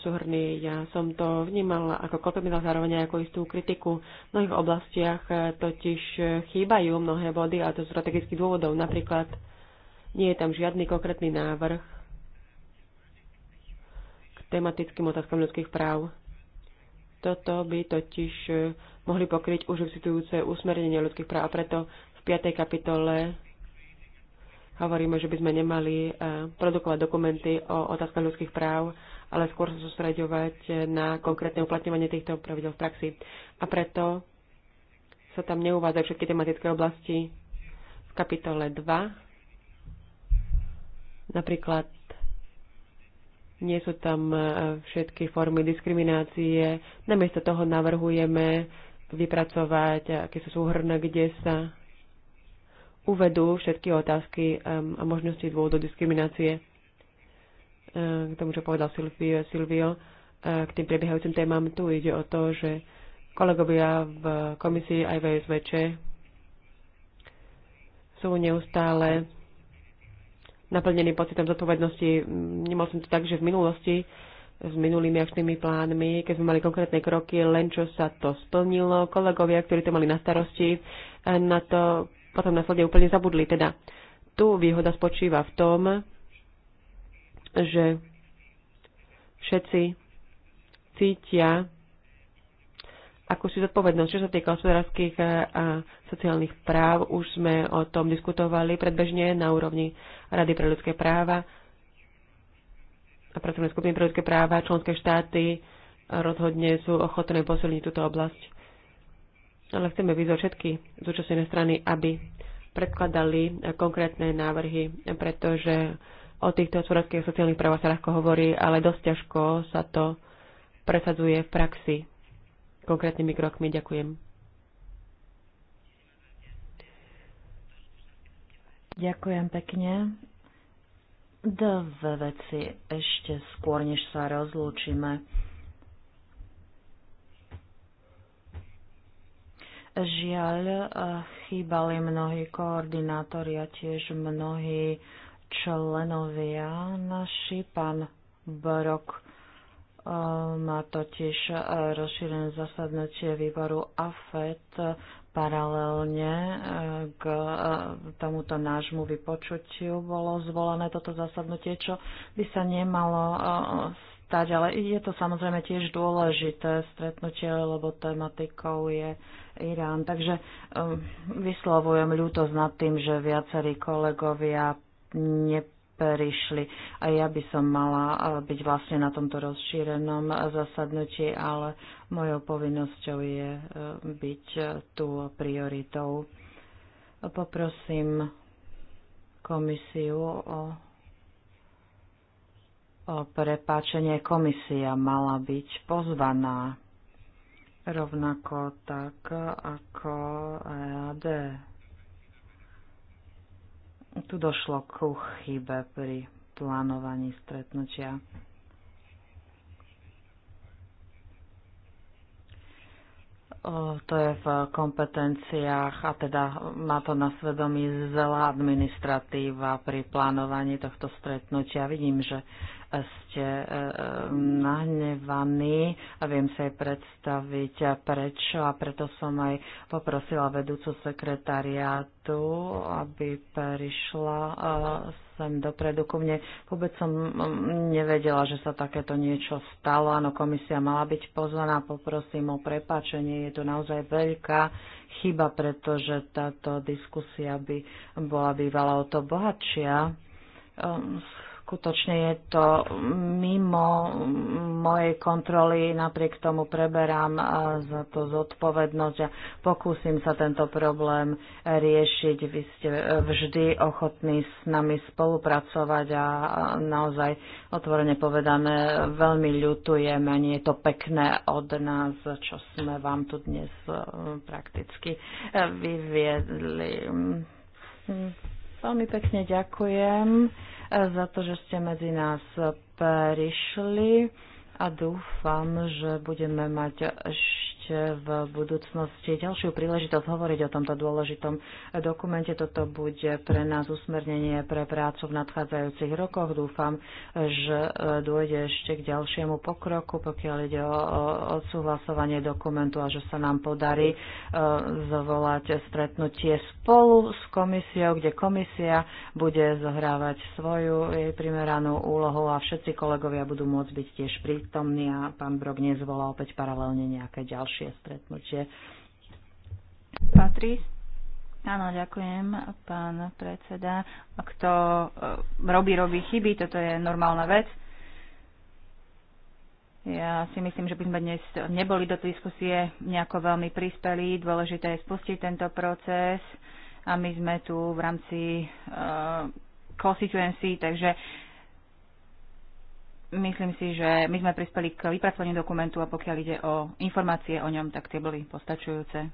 súhrný. Ja som to vnímala ako kompliment, zároveň ako istú kritiku. V mnohých oblastiach e, totiž e, chýbajú mnohé body a to z strategických dôvodov. Napríklad nie je tam žiadny konkrétny návrh k tematickým otázkam ľudských práv. Toto by totiž mohli pokryť už existujúce usmernenie ľudských práv a preto v 5. kapitole hovoríme, že by sme nemali e, produkovať dokumenty o otázkach ľudských práv, ale skôr sa sústreďovať na konkrétne uplatňovanie týchto pravidel v praxi. A preto sa tam neuvádzajú všetky tematické oblasti v kapitole 2. Napríklad nie sú tam e, všetky formy diskriminácie. Namiesto toho navrhujeme vypracovať, e, aké sú súhrne, kde sa uvedú všetky otázky a možnosti dôvodu diskriminácie k tomu, čo povedal Silvio, Silvio k tým prebiehajúcim témam. Tu ide o to, že kolegovia v komisii aj v SVČ sú neustále naplnení pocitom zodpovednosti. Nemal som to tak, že v minulosti s minulými akčnými plánmi, keď sme mali konkrétne kroky, len čo sa to splnilo. Kolegovia, ktorí to mali na starosti, na to potom následne úplne zabudli. Teda tu výhoda spočíva v tom, že všetci cítia akúsi zodpovednosť, čo sa týka hospodárskych a sociálnych práv. Už sme o tom diskutovali predbežne na úrovni Rady pre ľudské práva a pracovné skupiny pre ľudské práva. Členské štáty rozhodne sú ochotné posilniť túto oblasť ale chceme vyzvať všetky zúčastnené strany, aby predkladali konkrétne návrhy, pretože o týchto hospodárskych sociálnych právach sa ľahko hovorí, ale dosť ťažko sa to presadzuje v praxi. Konkrétnymi krokmi ďakujem. Ďakujem pekne. Dve veci ešte skôr, než sa rozlúčime. Žiaľ, eh, chýbali mnohí koordinátori a tiež mnohí členovia naši. Pán Brok eh, má totiž eh, rozšírené zasadnutie výboru AFET paralelne k tomuto nášmu vypočutiu bolo zvolené toto zasadnutie, čo by sa nemalo stať, ale je to samozrejme tiež dôležité stretnutie, lebo tematikou je Irán. Takže eh, vyslovujem ľútosť nad tým, že viacerí kolegovia ne A ja by som mala eh, byť vlastne na tomto rozšírenom eh, zasadnutí, ale mojou povinnosťou je byť tu prioritou. Poprosím komisiu o, o prepáčenie. Komisia mala byť pozvaná rovnako tak ako EAD. Tu došlo ku chybe pri plánovaní stretnutia. To je v kompetenciách a teda má to na svedomí zelá administratíva pri plánovaní tohto stretnutia. Vidím, že ste e, e, nahnevaní a viem sa aj predstaviť prečo a preto som aj poprosila vedúcu sekretariátu, aby prišla e, sem dopredu ku mne. Vôbec som nevedela, že sa takéto niečo stalo. Áno, komisia mala byť pozvaná, poprosím o prepáčenie. Je to naozaj veľká chyba, pretože táto diskusia by bola bývala o to bohatšia. Ehm, Skutočne je to mimo mojej kontroly, napriek tomu preberám eh, za to zodpovednosť a pokúsim sa tento problém riešiť. Vy ste eh, vždy ochotní s nami spolupracovať a naozaj otvorene povedané veľmi ľutujeme, nie je to pekné od nás, čo sme vám tu dnes eh, prakticky vyviedli. Hm, hm. Veľmi pekne ďakujem za to, že ste medzi nás prišli a dúfam, že budeme mať ešte v budúcnosti ďalšiu príležitosť hovoriť o tomto dôležitom dokumente. Toto bude pre nás usmernenie pre prácu v nadchádzajúcich rokoch. Dúfam, že e, dôjde ešte k ďalšiemu pokroku, pokiaľ ide o odsúhlasovanie dokumentu a že sa nám podarí e, zvolať stretnutie spolu s komisiou, kde komisia bude zohrávať svoju jej primeranú úlohu a všetci kolegovia budú môcť byť tiež prítomní a pán Brog nezvolal opäť paralelne nejaké ďalšie ďalšie stretnutie. Patrice? Áno, ďakujem, pán predseda. Kto e, robí, robí chyby, toto je normálna vec. Ja si myslím, že by sme dnes neboli do tej diskusie nejako veľmi prispeli. Dôležité je spustiť tento proces a my sme tu v rámci uh, constituency, takže Myslím si, že my sme prispeli k vypracovaniu dokumentu a pokiaľ ide o informácie o ňom, tak tie boli postačujúce.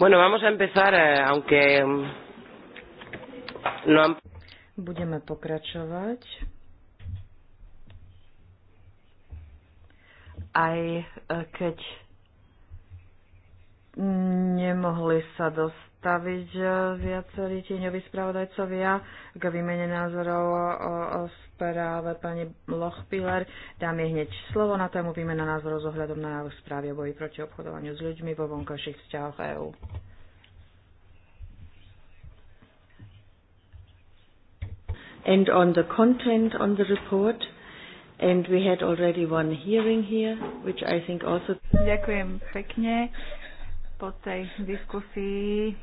Bueno, vamos a empezar, eh, aunque mm, no han... Budeme pokračovať. Aj eh, keď nemohli sa dostaviť eh, viacerí tieňoví spravodajcovia k výmene názorov o, o správe pani Lochpiller. Dám jej hneď slovo na tému výmena názorov s ohľadom na návrh správy o boji proti obchodovaniu s ľuďmi vo vonkajších vzťahoch EÚ. And on the content on the report, and we had already one hearing here, which I think also... Ďakujem pekne po tej diskusii,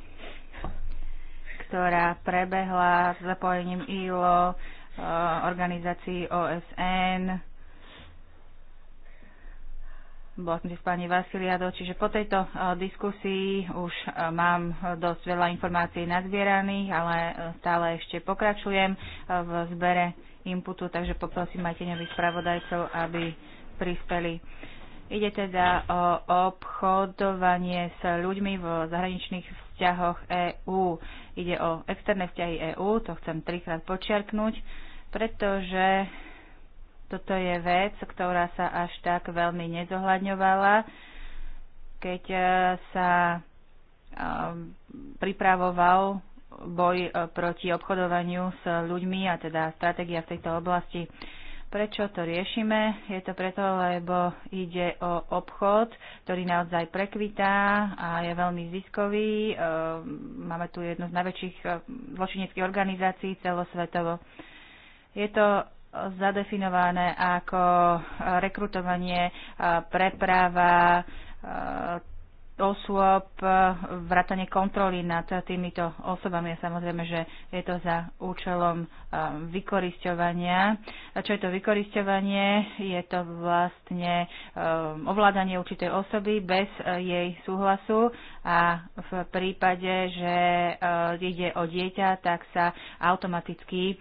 ktorá prebehla s zapojením ILO Eh, organizácií OSN. Bola som si s pani Vasiliado, čiže po tejto eh, diskusii už eh, mám dosť veľa informácií nazbieraných, ale stále ešte pokračujem v zbere inputu, takže poprosím aj teňových spravodajcov, aby prispeli. Ide teda o obchodovanie s ľuďmi v zahraničných vzťahoch EÚ. Ide o externé vzťahy EÚ, to chcem trikrát počiarknúť pretože toto je vec, ktorá sa až tak veľmi nezohľadňovala, keď e, sa e, pripravoval boj e, proti obchodovaniu s ľuďmi a teda stratégia v tejto oblasti. Prečo to riešime? Je to preto, lebo ide o obchod, ktorý naozaj prekvitá a je veľmi ziskový. Máme tu jednu z najväčších zločineckých organizácií celosvetovo. Je to zadefinované ako rekrutovanie, preprava osôb, vrátanie kontroly nad týmito osobami. Samozrejme, že je to za účelom vykorisťovania. Čo je to vykorisťovanie? Je to vlastne ovládanie určitej osoby bez jej súhlasu a v prípade, že ide o dieťa, tak sa automaticky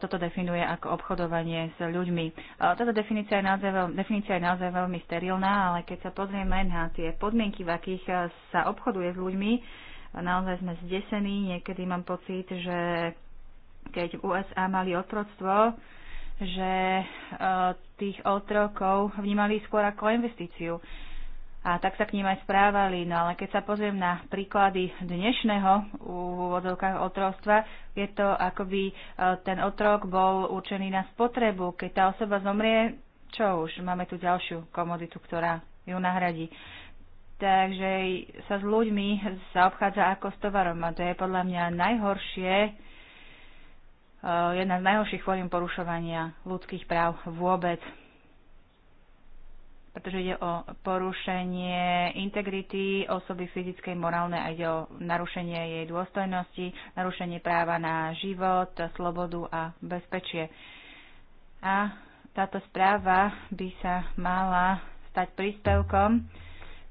toto definuje ako obchodovanie s ľuďmi. Táto definícia je naozaj, definícia je naozaj veľmi sterilná, ale keď sa pozrieme na tie podmienky, v akých eh, sa obchoduje s ľuďmi, naozaj sme zdesení. Niekedy mám pocit, že keď v USA mali otroctvo, že eh, tých otrokov vnímali skôr ako investíciu a tak sa k ním aj správali. No ale keď sa pozriem na príklady dnešného v úvodzovkách otrovstva, je to akoby e, ten otrok bol určený na spotrebu. Keď tá osoba zomrie, čo už, máme tu ďalšiu komoditu, ktorá ju nahradí. Takže sa s ľuďmi sa obchádza ako s tovarom a to je podľa mňa najhoršie, e, jedna z najhorších form porušovania ľudských práv vôbec pretože ide o porušenie integrity osoby fyzickej, morálnej a ide o narušenie jej dôstojnosti, narušenie práva na život, slobodu a bezpečie. A táto správa by sa mala stať príspevkom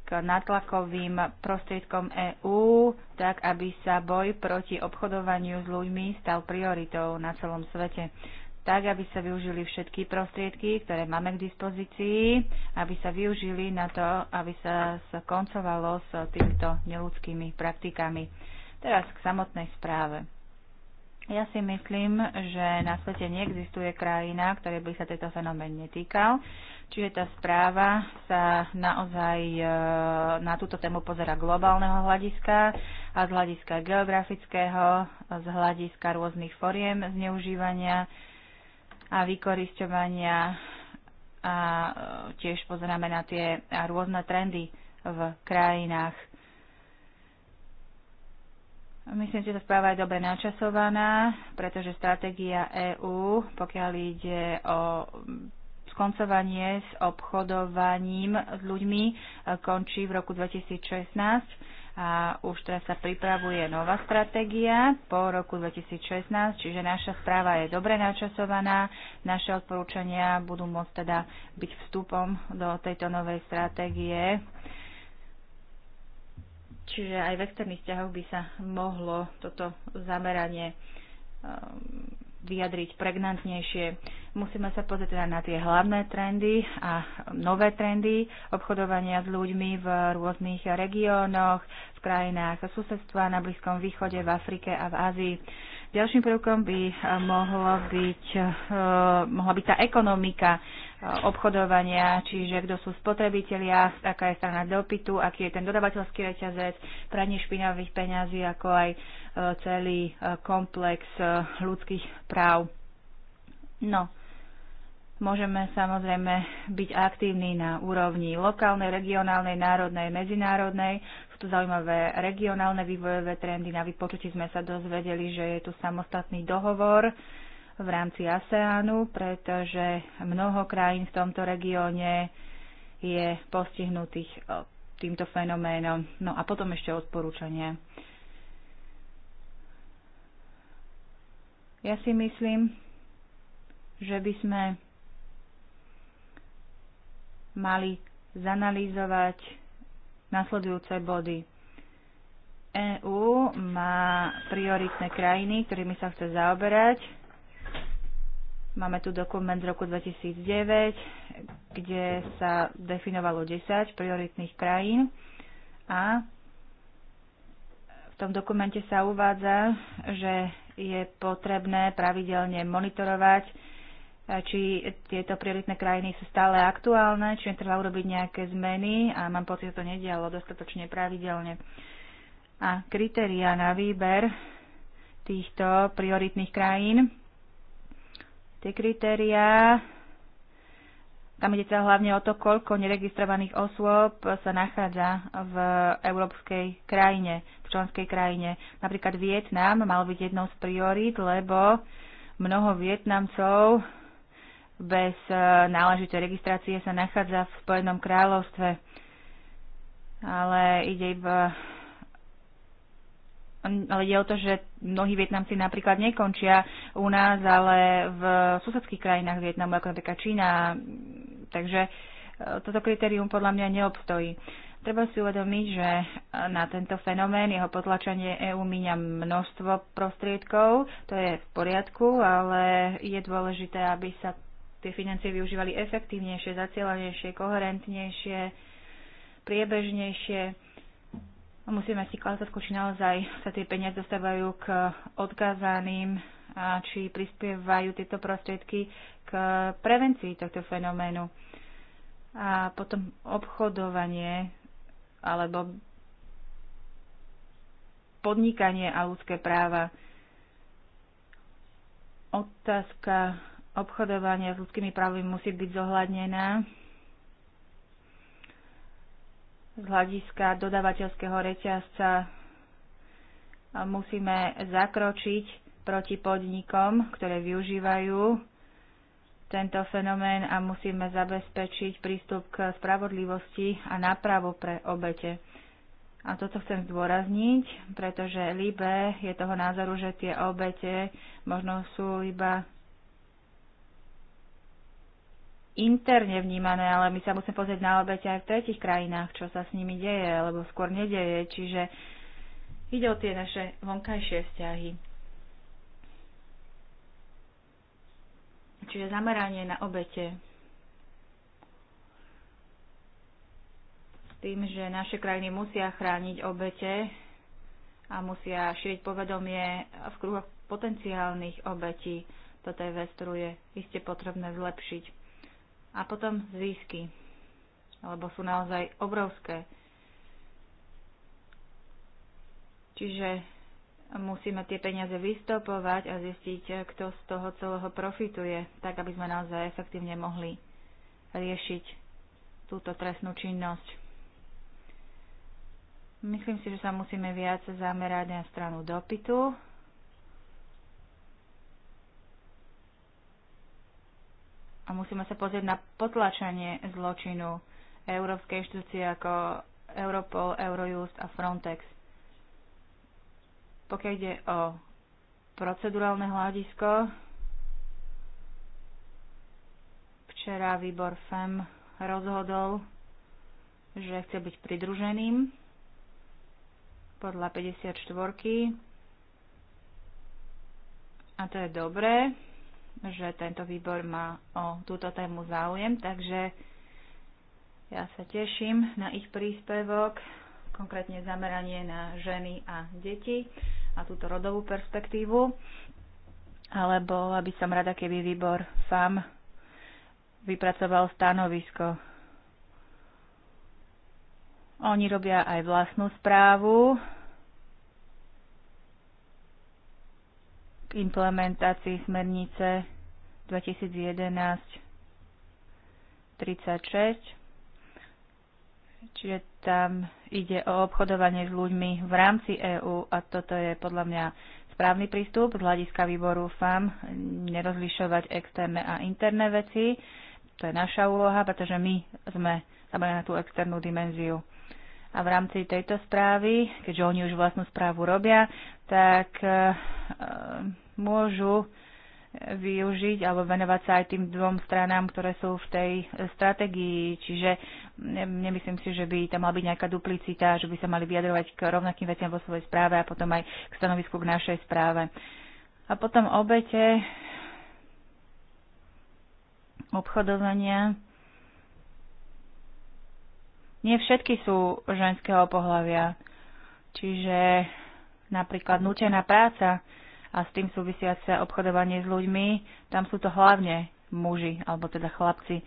k natlakovým prostriedkom EÚ, tak aby sa boj proti obchodovaniu s ľuďmi stal prioritou na celom svete tak aby sa využili všetky prostriedky, ktoré máme k dispozícii, aby sa využili na to, aby sa skoncovalo s týmito neludskými praktikami. Teraz k samotnej správe. Ja si myslím, že na svete neexistuje krajina, ktorej by sa tento fenomén netýkal. Čiže tá správa sa naozaj e, na túto tému pozera globálneho hľadiska a z hľadiska geografického, z hľadiska rôznych foriem zneužívania a vykoristovania a e, tiež pozeráme na tie rôzne trendy v krajinách. Myslím si, že tá správa je dobre načasovaná, pretože stratégia EÚ, pokiaľ ide o skoncovanie s obchodovaním s ľuďmi, e, končí v roku 2016 a už teraz sa pripravuje nová stratégia po roku 2016, čiže naša správa je dobre načasovaná, naše odporúčania budú môcť teda byť vstupom do tejto novej stratégie. Čiže aj v externých vzťahoch by sa mohlo toto zameranie ehm, vyjadriť pregnantnejšie. Musíme sa pozrieť teda na tie hlavné trendy a nové trendy obchodovania s ľuďmi v rôznych regiónoch, v krajinách susedstva, na Blízkom východe, v Afrike a v Ázii. Ďalším prvkom by mohla byť, eh, mohla byť tá ekonomika, obchodovania, čiže kto sú spotrebitelia, aká je strana dopytu, aký je ten dodavateľský reťazec, pranie špinavých peňazí, ako aj e, celý e, komplex e, ľudských práv. No, môžeme samozrejme byť aktívni na úrovni lokálnej, regionálnej, národnej, medzinárodnej. Sú tu zaujímavé regionálne vývojové trendy. Na vypočutí sme sa dozvedeli, že je tu samostatný dohovor v rámci ASEANu, pretože mnoho krajín v tomto regióne je postihnutých e, týmto fenoménom. No a potom ešte odporúčania. Ja si myslím, že by sme mali zanalýzovať nasledujúce body. EÚ má prioritné krajiny, ktorými sa chce zaoberať Máme tu dokument z roku 2009, kde sa definovalo 10 prioritných krajín a v tom dokumente sa uvádza, že je potrebné pravidelne monitorovať, či tieto prioritné krajiny sú stále aktuálne, či je treba urobiť nejaké zmeny a mám pocit, že to nedialo dostatočne pravidelne. A kritéria na výber týchto prioritných krajín Tie kritériá, tam ide sa teda hlavne o to, koľko neregistrovaných osôb sa nachádza v európskej krajine, v členskej krajine. Napríklad Vietnam mal byť jednou z priorít, lebo mnoho Vietnamcov bez e, náležitej registrácie sa nachádza v Spojenom kráľovstve. Ale ide iba ale je o to, že mnohí Vietnamci napríklad nekončia u nás, ale v susedských krajinách Vietnamu, ako napríklad Čína. Takže e, toto kritérium podľa mňa neobstojí. Treba si uvedomiť, že na tento fenomén jeho potlačanie EÚ míňa množstvo prostriedkov, to je v poriadku, ale je dôležité, aby sa tie financie využívali efektívnejšie, zacielanejšie, koherentnejšie, priebežnejšie Musíme si klásť či naozaj sa tie peniaze dostávajú k odkázaným, a či prispievajú tieto prostriedky k prevencii tohto fenoménu. A potom obchodovanie alebo podnikanie a ľudské práva. Otázka obchodovania s ľudskými právami musí byť zohľadnená z hľadiska dodavateľského reťazca musíme zakročiť proti podnikom, ktoré využívajú tento fenomén a musíme zabezpečiť prístup k spravodlivosti a nápravu pre obete. A toto chcem zdôrazniť, pretože Libe je toho názoru, že tie obete možno sú iba interne vnímané, ale my sa musíme pozrieť na obete aj v tretich krajinách, čo sa s nimi deje, alebo skôr nedeje. Čiže ide o tie naše vonkajšie vzťahy. Čiže zameranie na obete. Tým, že naše krajiny musia chrániť obete a musia šíriť povedomie v kruhoch potenciálnych obetí, toto je vec, ktorú je iste potrebné zlepšiť a potom zisky, lebo sú naozaj obrovské. Čiže musíme tie peniaze vystopovať a zistiť, kto z toho celého profituje, tak aby sme naozaj efektívne mohli riešiť túto trestnú činnosť. Myslím si, že sa musíme viac zamerať na stranu dopytu, a musíme sa pozrieť na potlačanie zločinu európske inštitúcie ako Europol, Eurojust a Frontex. Pokiaľ ide o procedurálne hľadisko, včera výbor FEM rozhodol, že chce byť pridruženým podľa 54. A to je dobré že tento výbor má o túto tému záujem, takže ja sa teším na ich príspevok, konkrétne zameranie na ženy a deti a túto rodovú perspektívu. Alebo aby som rada, keby výbor FAM vypracoval stanovisko. Oni robia aj vlastnú správu, k implementácii smernice 2011 36. Čiže tam ide o obchodovanie s ľuďmi v rámci EÚ a toto je podľa mňa správny prístup z hľadiska výboru FAM, nerozlišovať externé a interné veci. To je naša úloha, pretože my sme zabrali na tú externú dimenziu. A v rámci tejto správy, keďže oni už vlastnú správu robia, tak eh, môžu využiť alebo venovať sa aj tým dvom stranám, ktoré sú v tej stratégii. Čiže nemyslím si, že by tam mala byť nejaká duplicita, že by sa mali vyjadrovať k rovnakým veciam vo svojej správe a potom aj k stanovisku k našej správe. A potom obete obchodovania. Nie všetky sú ženského pohľavia. Čiže napríklad nutená práca, a s tým súvisiace obchodovanie s ľuďmi, tam sú to hlavne muži, alebo teda chlapci.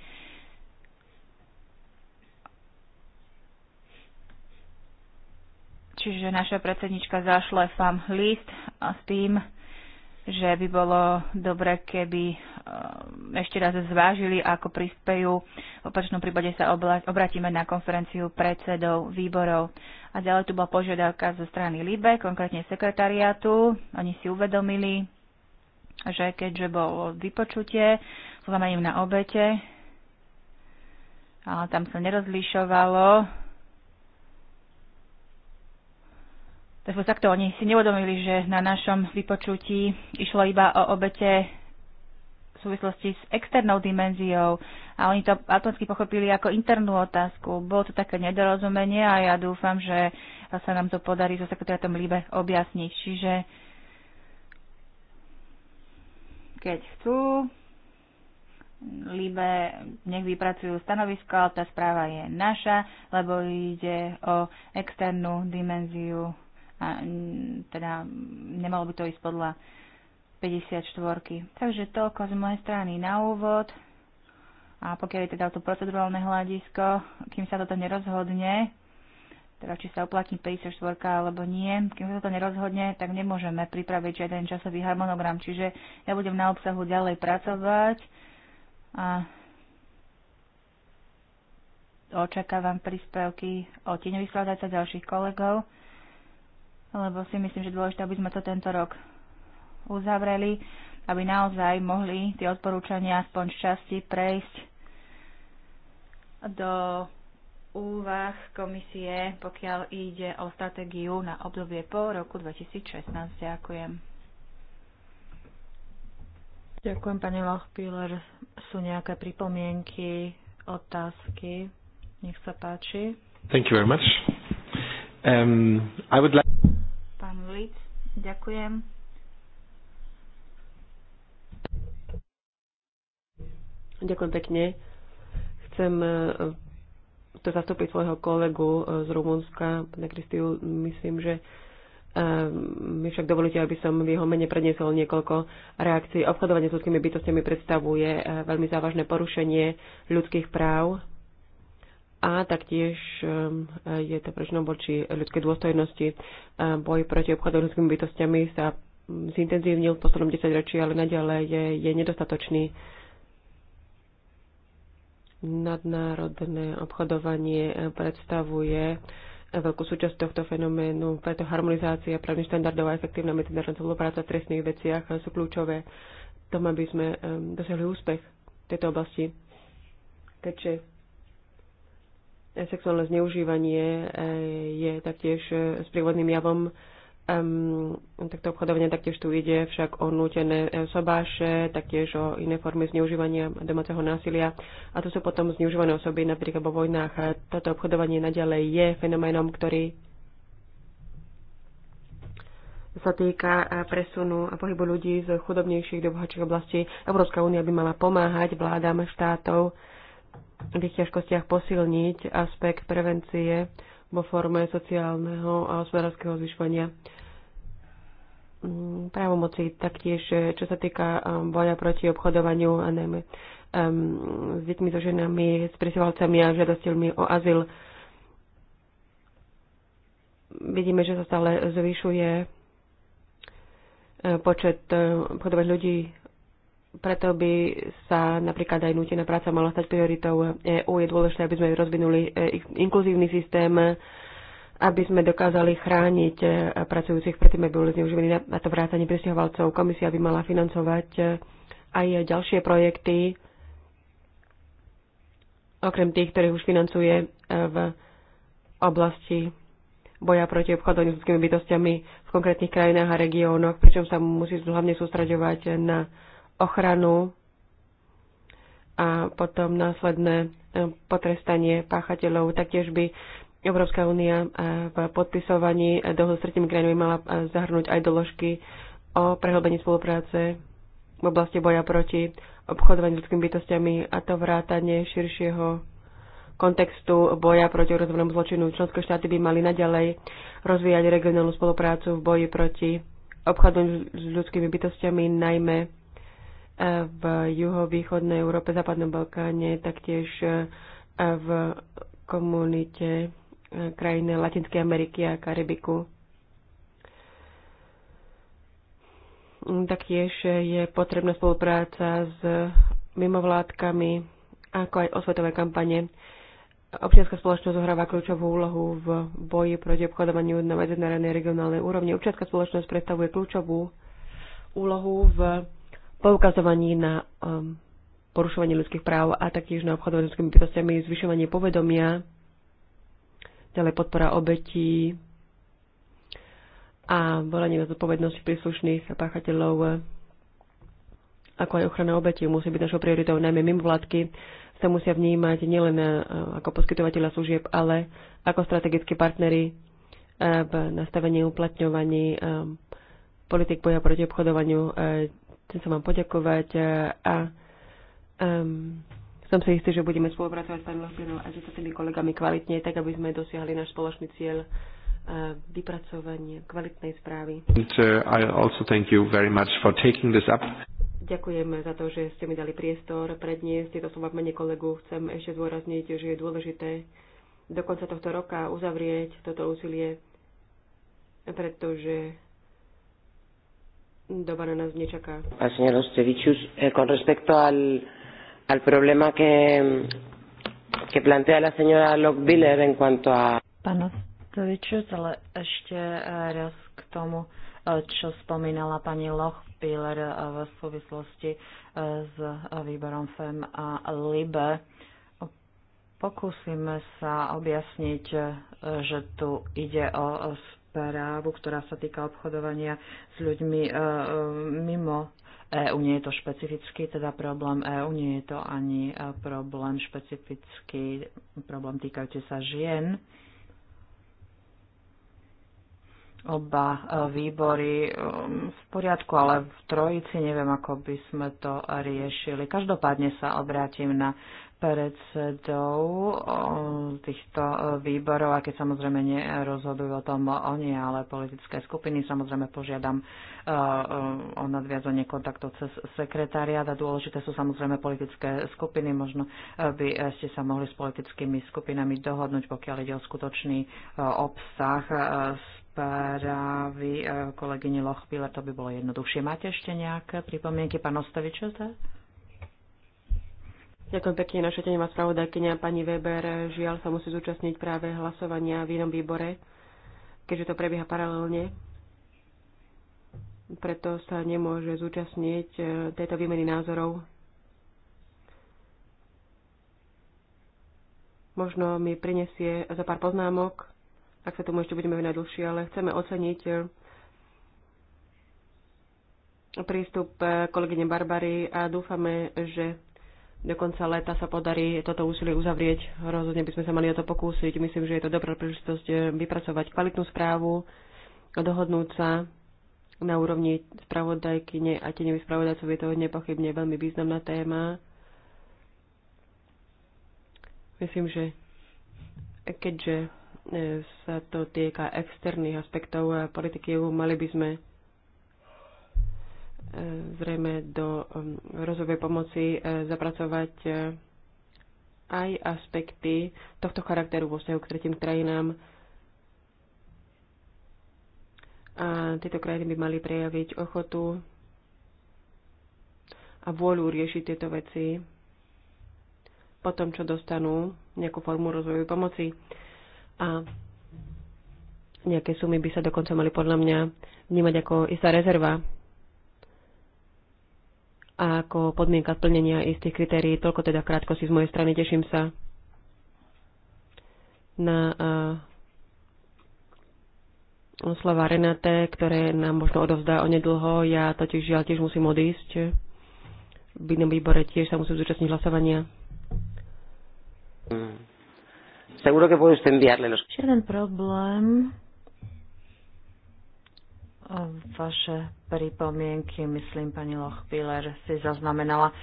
Čiže naša predsednička zašle vám list a s tým, že by bolo dobre, keby eh, ešte raz zvážili, ako prispejú. V opačnom prípade sa obratíme na konferenciu predsedov výborov. A ďalej tu bola požiadavka zo strany LIBE, konkrétne sekretariátu. Oni si uvedomili, že keďže bolo vypočutie im na obete, ale tam sa nerozlišovalo, Lebo takto oni si neuvedomili, že na našom vypočutí išlo iba o obete v súvislosti s externou dimenziou a oni to automaticky pochopili ako internú otázku. Bolo to také nedorozumenie a ja dúfam, že sa nám to podarí zo sekretariatom Líbe objasniť. Čiže keď chcú, Libe nech vypracujú stanovisko, ale tá správa je naša, lebo ide o externú dimenziu a teda nemalo by to ísť podľa 54. -ky. Takže toľko z mojej strany na úvod. A pokiaľ je teda to procedurálne hľadisko, kým sa toto nerozhodne, teda či sa uplatní 54 alebo nie, kým sa to nerozhodne, tak nemôžeme pripraviť žiaden časový harmonogram. Čiže ja budem na obsahu ďalej pracovať a očakávam príspevky o tieňových sa ďalších kolegov lebo si myslím, že dôležité, aby sme to tento rok uzavreli, aby naozaj mohli tie odporúčania aspoň z časti prejsť do úvah komisie, pokiaľ ide o stratégiu na obdobie po roku 2016. Ďakujem. Ďakujem, pani Lochpíler. Sú nejaké pripomienky, otázky? Nech sa páči. Thank you very much. Um, I would like Lic. Ďakujem. Ďakujem pekne. Chcem e, e, to zastúpiť svojho kolegu e, z Rumunska, pana Kristiu. Myslím, že mi však dovolíte, aby som v jeho mene predniesol niekoľko reakcií. Obchodovanie s ľudskými bytostiami predstavuje veľmi závažné porušenie ľudských práv a taktiež um, je to prečno voči ľudskej dôstojnosti. Um, boj proti obchodu ľudskými bytostiami sa um, zintenzívnil v poslednom ročí, ale naďalej je, je nedostatočný. Nadnárodné obchodovanie uh, predstavuje uh, veľkú súčasť tohto fenoménu, preto harmonizácia právnych štandardov a efektívna medzinárodná spolupráca v trestných veciach uh, sú kľúčové tom, aby sme dosiahli úspech v tejto oblasti. Keďže sexuálne zneužívanie e, je taktiež e, sprievodným javom um, takto obchodovania taktiež tu ide však o nútené e, sobáše, taktiež o iné formy zneužívania domáceho násilia. A to sú potom zneužívané osoby napríklad vo vojnách. A toto obchodovanie naďalej je fenoménom, ktorý sa týka presunu a pohybu ľudí z chudobnejších do bohatších oblastí. Európska únia by mala pomáhať vládam štátov v ich ťažkostiach posilniť aspekt prevencie vo forme sociálneho a hospodárskeho zvyšovania mm, právomoci taktiež, eh, čo sa týka eh, boja proti obchodovaniu a najmä s deťmi, so ženami, s prisvalcami a žiadosťami o azyl. Vidíme, že sa stále zvyšuje eh, počet obchodovať ľudí preto by sa napríklad aj nútená práca mala stať prioritou EÚ. Je dôležité, aby sme rozvinuli e, inkluzívny systém, aby sme dokázali chrániť e, pracujúcich predtým, aby boli zneužívaní na to vrátanie pristahovalcov. Komisia by mala financovať e, aj ďalšie projekty, okrem tých, ktorých už financuje v oblasti boja proti obchodovaniu s ľudskými bytostiami v konkrétnych krajinách a regiónoch, pričom sa musí hlavne sústraďovať na ochranu a potom následné e, potrestanie páchateľov. Taktiež by Európska únia e, v podpisovaní dohod s tretimi krajinami mala e, zahrnúť aj doložky o prehlbení spolupráce v oblasti boja proti obchodovaniu s ľudskými bytostiami a to vrátanie širšieho kontextu boja proti rozvojnému zločinu. Členské štáty by mali naďalej rozvíjať regionálnu spoluprácu v boji proti obchodu s ľudskými bytostiami, najmä v juhovýchodnej Európe, západnom Balkáne, taktiež e, v komunite e, krajiny Latinskej Ameriky a Karibiku. Taktiež je potrebná spolupráca s mimovládkami, ako aj osvetové kampane. Občianská spoločnosť zohráva kľúčovú úlohu v boji proti obchodovaniu na medzinárodnej regionálnej úrovni. Občianská spoločnosť predstavuje kľúčovú úlohu v poukazovaní na um, porušovanie ľudských práv a taktiež na obchodovanie ľudskými bytostiami, zvyšovanie povedomia, ďalej podpora obetí a volanie na zodpovednosť príslušných páchateľov, ako aj ochrana obetí musí byť našou prioritou, najmä mimo vládky sa musia vnímať nielen uh, ako poskytovateľa služieb, ale ako strategickí partnery uh, v nastavení uplatňovaní um, politik boja proti obchodovaniu uh, Chcem sa vám poďakovať eh, a um, som si istý, že budeme spolupracovať s pani Lopinou a s ostatnými kolegami kvalitne, tak aby sme dosiahli náš spoločný cieľ eh, vypracovanie kvalitnej správy. And, uh, I also thank you very much for taking this up. Ďakujem za to, že ste mi dali priestor predniesť tieto slova v mene kolegu. Chcem ešte zdôrazniť, že je dôležité do konca tohto roka uzavrieť toto úsilie, pretože doba na nás nečaká. A señor Ostevichus, eh, con respecto al, al problema que, que plantea la señora Lockbiller en cuanto a... Pán Ostevichus, ale ešte eh, raz k tomu, eh, čo spomínala pani Lockbiller eh, v súvislosti s výborom FEM a LIBE. Pokúsime sa objasniť, že tu ide o správu, ktorá sa týka obchodovania s ľuďmi e, e, mimo EÚ nie je to špecifický teda problém EÚ, nie je to ani e, problém špecifický, problém týkajúci sa žien. Oba výbory v poriadku, ale v trojici neviem, ako by sme to riešili. Každopádne sa obrátim na predsedov týchto e, výborov, a keď samozrejme nerozhodujú o tom oni, ale politické skupiny, samozrejme požiadam e, e, o nadviazanie kontaktov cez sekretariát a dôležité sú samozrejme politické skupiny. Možno by ste sa mohli s politickými skupinami dohodnúť, pokiaľ ide o skutočný obsah správy kolegyne Lochpíler, to by bolo jednoduchšie. Máte ešte nejaké pripomienky, pán Ostavičov? Ďakujem pekne, naša tenová spravodajkynia pani Weber žiaľ sa musí zúčastniť práve hlasovania v inom výbore, keďže to prebieha paralelne. Preto sa nemôže zúčastniť e, tejto výmeny názorov. Možno mi prinesie za pár poznámok, ak sa tomu ešte budeme venovať dlhšie, ale chceme oceniť e, prístup e, kolegyne Barbary a dúfame, že do konca leta sa podarí toto úsilie uzavrieť. Rozhodne by sme sa mali o to pokúsiť. Myslím, že je to dobrá príležitosť eh, vypracovať kvalitnú správu, dohodnúť sa na úrovni spravodajkyne a tenevých spravodajcov je to nepochybne veľmi významná téma. Myslím, že keďže eh, sa to týka externých aspektov eh, politiky EU, mali by sme zrejme do um, rozvojovej pomoci e, zapracovať e, aj aspekty tohto charakteru vo vzťahu k tretím krajinám. A tieto krajiny by mali prejaviť ochotu a vôľu riešiť tieto veci po tom, čo dostanú nejakú formu rozvojovej pomoci. A nejaké sumy by sa dokonca mali podľa mňa vnímať ako istá rezerva ako podmienka splnenia istých kritérií. Toľko teda krátko si z mojej strany. Teším sa na uh, eh, slova Renate, ktoré nám možno odovzdá o nedlho. Ja totiž žiaľ tiež musím odísť. V inom výbore tiež sa musím zúčastniť hlasovania. Mm. Seguro que puedo enviarle los... Žiaden problém. Vaše pripomienky, myslím, pani Lochpiller si zaznamenala. E,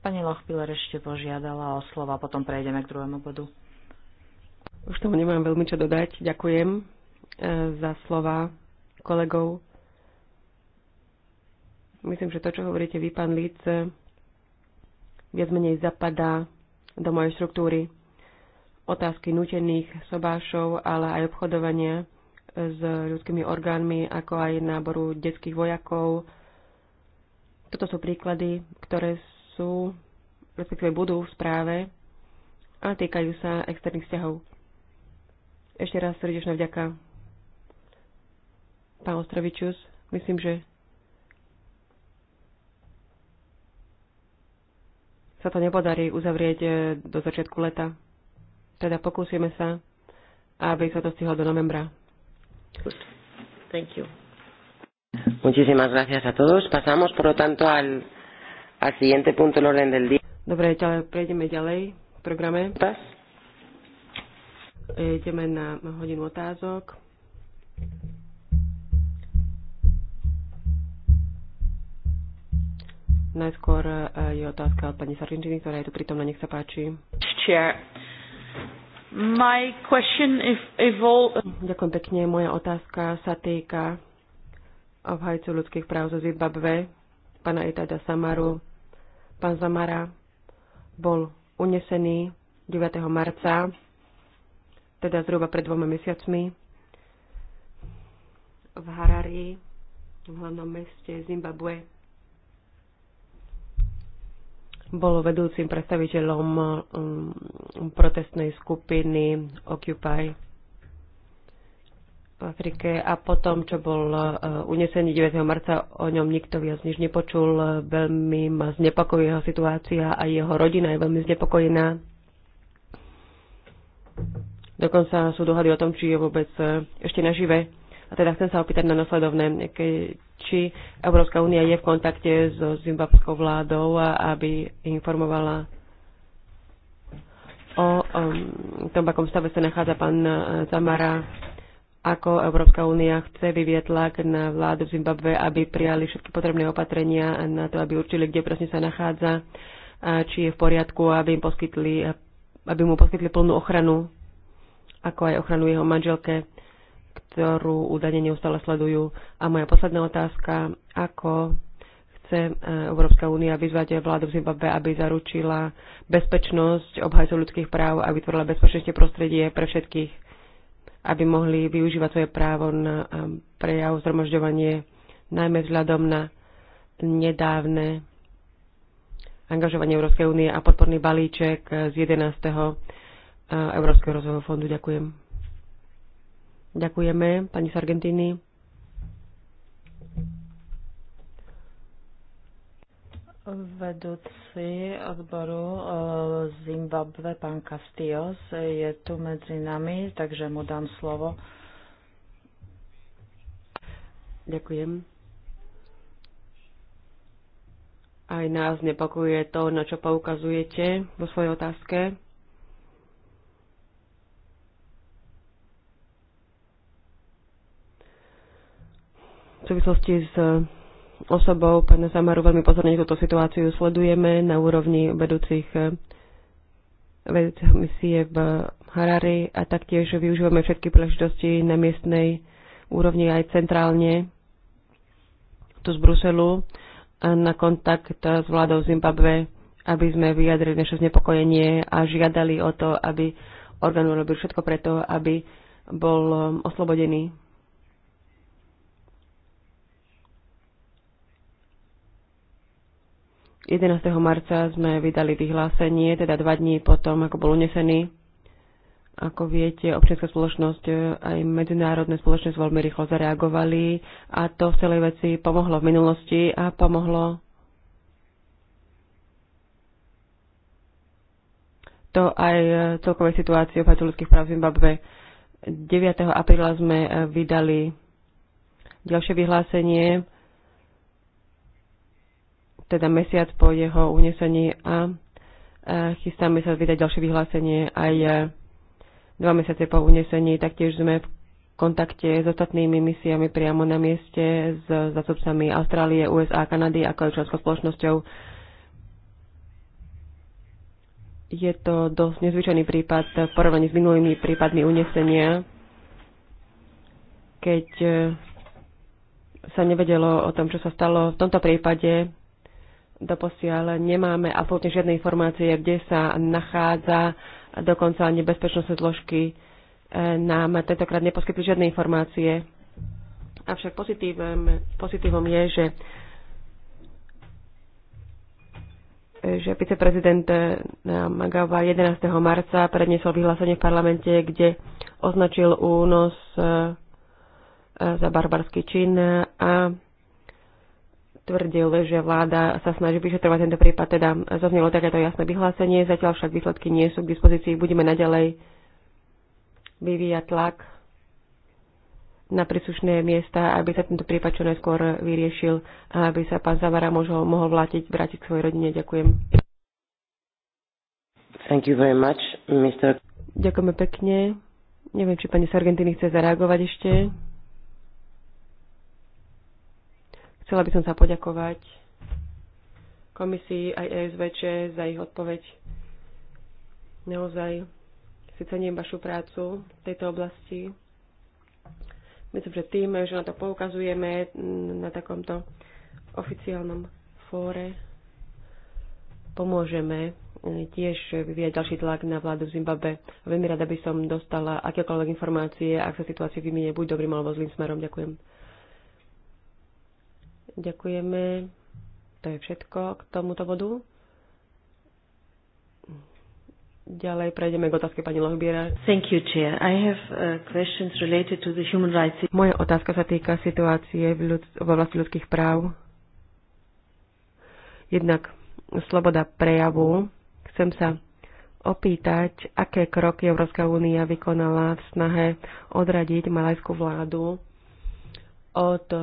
pani Lochpiller ešte požiadala o slovo a potom prejdeme k druhému bodu. Už tomu nemám veľmi čo dodať. Ďakujem e, za slova kolegov. Myslím, že to, čo hovoríte vy, pán Líc, e, viac menej zapadá do mojej štruktúry. Otázky nutených sobášov, ale aj obchodovania s ľudskými orgánmi, ako aj náboru detských vojakov. Toto sú príklady, ktoré sú, respektíve budú v správe a týkajú sa externých vzťahov. Ešte raz srdečná vďaka. Pán Ostrovičus, myslím, že sa to nepodarí uzavrieť eh, do začiatku leta. Teda pokúsime sa, aby sa to stihlo do novembra. Good. Thank you. Muchísimas gracias a todos. Pasamos, por lo tanto, al, al siguiente punto del orden del día. Dobre, ďalej, prejdeme ďalej v programe. Pas. Eh, ideme na hodinu otázok. Najskôr eh, je otázka od pani Sargentiny, ktorá je tu prítomná. Nech sa páči. Chair. My question if, if all... Ďakujem pekne. Moja otázka sa týka obhajcu ľudských práv zo Zimbabve, pana Itada Samaru. Pán Zamara bol unesený 9. marca, teda zhruba pred dvoma mesiacmi, v Harari, v hlavnom meste Zimbabwe bol vedúcim predstaviteľom um, protestnej skupiny Occupy v Afrike a potom, čo bol uh, unesený 9. marca, o ňom nikto viac nič nepočul. Veľmi ma znepokojí jeho situácia a jeho rodina je veľmi znepokojená. Dokonca sú dohady o tom, či je vôbec uh, ešte nažive. A teda chcem sa opýtať na nasledovné, či Európska únia je v kontakte so zimbabskou vládou, aby informovala o um, tom, v akom stave sa nachádza pán uh, Zamara, ako Európska únia chce vyvieť tlak na vládu v Zimbabve, aby prijali všetky potrebné opatrenia na to, aby určili, kde presne sa nachádza, či je v poriadku, aby, im poskytli, aby mu poskytli plnú ochranu, ako aj ochranu jeho manželke ktorú údajne neustále sledujú. A moja posledná otázka, ako chce e, Európska únia vyzvať vládu v Zimbabve, aby zaručila bezpečnosť obhajcov ľudských práv a vytvorila bezpečnejšie prostredie pre všetkých, aby mohli využívať svoje právo na e, prejav, zhromažďovanie, najmä vzhľadom na nedávne angažovanie Európskej únie a podporný balíček z 11. E, Európskeho rozvojového fondu. Ďakujem. Ďakujeme, pani Sargentini. Vedúci odboru eh, Zimbabwe, pán Castillos, je tu medzi nami, takže mu dám slovo. Ďakujem. Aj nás nepakuje to, na čo poukazujete vo svojej otázke. V súvislosti s e, osobou pána Samaru veľmi pozorne túto situáciu sledujeme na úrovni vedúcich e, vedúceho misie v Harari a taktiež využívame všetky príležitosti na miestnej úrovni aj centrálne tu z Bruselu na kontakt s vládou Zimbabwe, aby sme vyjadrili naše znepokojenie a žiadali o to, aby orgán urobil všetko preto, aby bol e, oslobodený 11. marca sme vydali vyhlásenie, teda dva dní potom, ako bol unesený. Ako viete, občianská spoločnosť e, aj medzinárodné spoločnosť veľmi rýchlo zareagovali a to v celej veci pomohlo v minulosti a pomohlo to aj e, celkovej situácii obhajcu ľudských práv v Zimbabve. 9. apríla sme e, vydali ďalšie vyhlásenie teda mesiac po jeho unesení a chystáme sa vydať ďalšie vyhlásenie aj e, dva mesiace po unesení. Taktiež sme v kontakte s ostatnými misiami priamo na mieste s zastupcami Austrálie, USA, Kanady, ako aj členskou spoločnosťou. Je to dosť nezvyčajný prípad v porovnaní s minulými prípadmi unesenia, keď e, sa nevedelo o tom, čo sa stalo. V tomto prípade Doposiaľ nemáme absolútne žiadne informácie, kde sa nachádza, dokonca ani bezpečnostné zložky e, nám tentokrát neposkytli žiadne informácie. Avšak pozitívom, pozitívom je, že že viceprezident e, Magava 11. marca predniesol vyhlásenie v parlamente, kde označil únos e, za barbarský čin a tvrdil, že vláda sa snaží vyšetrovať tento prípad. Teda zaznelo takéto jasné vyhlásenie, zatiaľ však výsledky nie sú k dispozícii. Budeme naďalej vyvíjať tlak na príslušné miesta, aby sa tento prípad čo najskôr vyriešil a aby sa pán Zavara mohol, mohol vlátiť, vrátiť k svojej rodine. Ďakujem. Thank you very much, Mr. Ďakujeme pekne. Neviem, či pani z Argentíny chce zareagovať ešte. Chcela by som sa poďakovať komisii aj ESVČ za ich odpoveď. Naozaj si cením vašu prácu v tejto oblasti. Myslím, že tým, že na to poukazujeme mm, na takomto oficiálnom fóre, pomôžeme mm, tiež vyvíjať ďalší tlak na vládu v Zimbabve. Veľmi rada by som dostala akékoľvek informácie, ak sa situácia vymenie. buď dobrým alebo zlým smerom. Ďakujem. Ďakujeme. To je všetko k tomuto bodu. Ďalej prejdeme k otázke pani Lohbiera. Thank you, Chair. I have uh, questions related to the human rights. Moja otázka sa týka situácie v, ľud- v oblasti ľudských práv. Jednak sloboda prejavu. Chcem sa opýtať, aké kroky Európska únia vykonala v snahe odradiť malajskú vládu od e,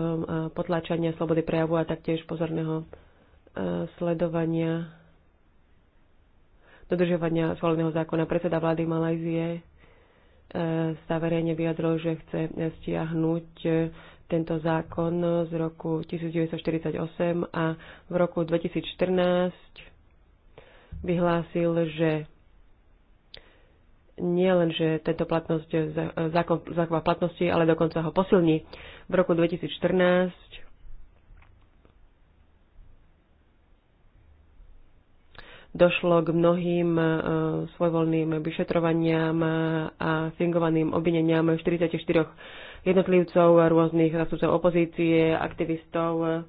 potláčania slobody prejavu a taktiež pozorného e, sledovania dodržovania zvoleného zákona. Predseda vlády Malajzie e, sa verejne vyjadril, že chce stiahnuť tento zákon z roku 1948 a v roku 2014 vyhlásil, že nie len, že tento platnosť, e, e, zákon zachová platnosti, ale dokonca ho posilní. V roku 2014 došlo k mnohým e, svojvoľným vyšetrovaniam a fingovaným obvineniam 44 jednotlivcov, rôznych zastupcov opozície, aktivistov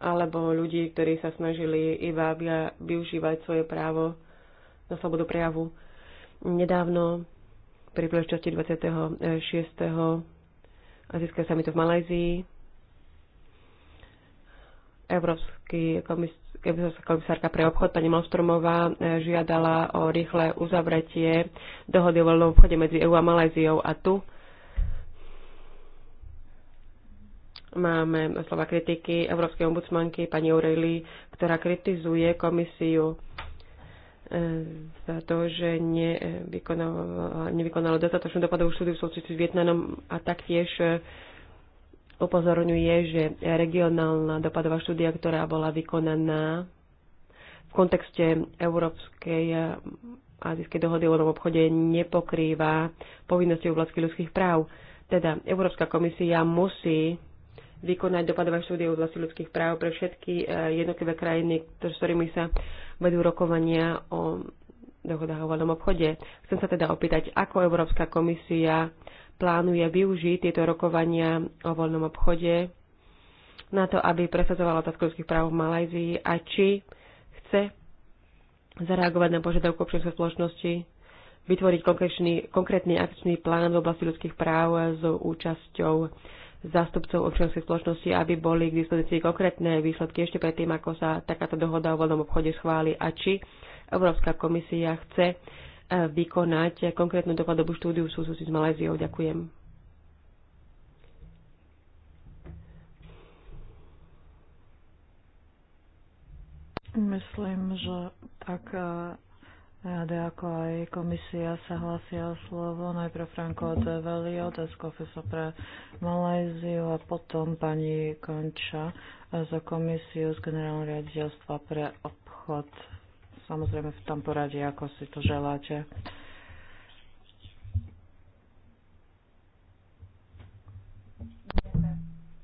alebo ľudí, ktorí sa snažili iba využívať svoje právo na slobodu prejavu. Nedávno pri príležitosti 26. azijského samitu v Malajzii Európsky komis- komisárka pre obchod pani Malstromová e, žiadala o rýchle uzavretie dohody o voľnom obchode medzi EU a Malajziou a tu máme slova kritiky Európskej ombudsmanky pani Aureli, ktorá kritizuje komisiu za e, to, že nevykonalo, e, nevykonalo dostatočnú dopadovú štúdiu v súvislosti s Vietnamom a taktiež e, upozorňuje, že regionálna dopadová štúdia, ktorá bola vykonaná v kontexte Európskej azijskej dohody o obchode, nepokrýva povinnosti v oblasti ľudských práv. Teda Európska komisia musí vykonať dopadové štúdie v oblasti ľudských práv pre všetky jednotlivé krajiny, s ktorými sa vedú rokovania o dohodách o voľnom obchode. Chcem sa teda opýtať, ako Európska komisia plánuje využiť tieto rokovania o voľnom obchode na to, aby presadzovala otázku ľudských práv v Malajzii a či chce zareagovať na požiadavku občianskej spoločnosti vytvoriť konkrétny, konkrétny akčný plán v oblasti ľudských práv s účasťou zástupcov občianskej spoločnosti, aby boli k dispozícii konkrétne výsledky ešte predtým, ako sa takáto dohoda o voľnom obchode schváli a či Európska komisia chce e, vykonať konkrétnu dopadovú štúdiu v súvislosti s Maléziou. Ďakujem. Myslím, že tak e, Rade ako aj komisia sa hlasia o slovo. Najprv Franko de Velio, to je profesor pre Malajziu a potom pani Konča za komisiu z generálneho riaditeľstva pre obchod. Samozrejme v tom poradí, ako si to želáte.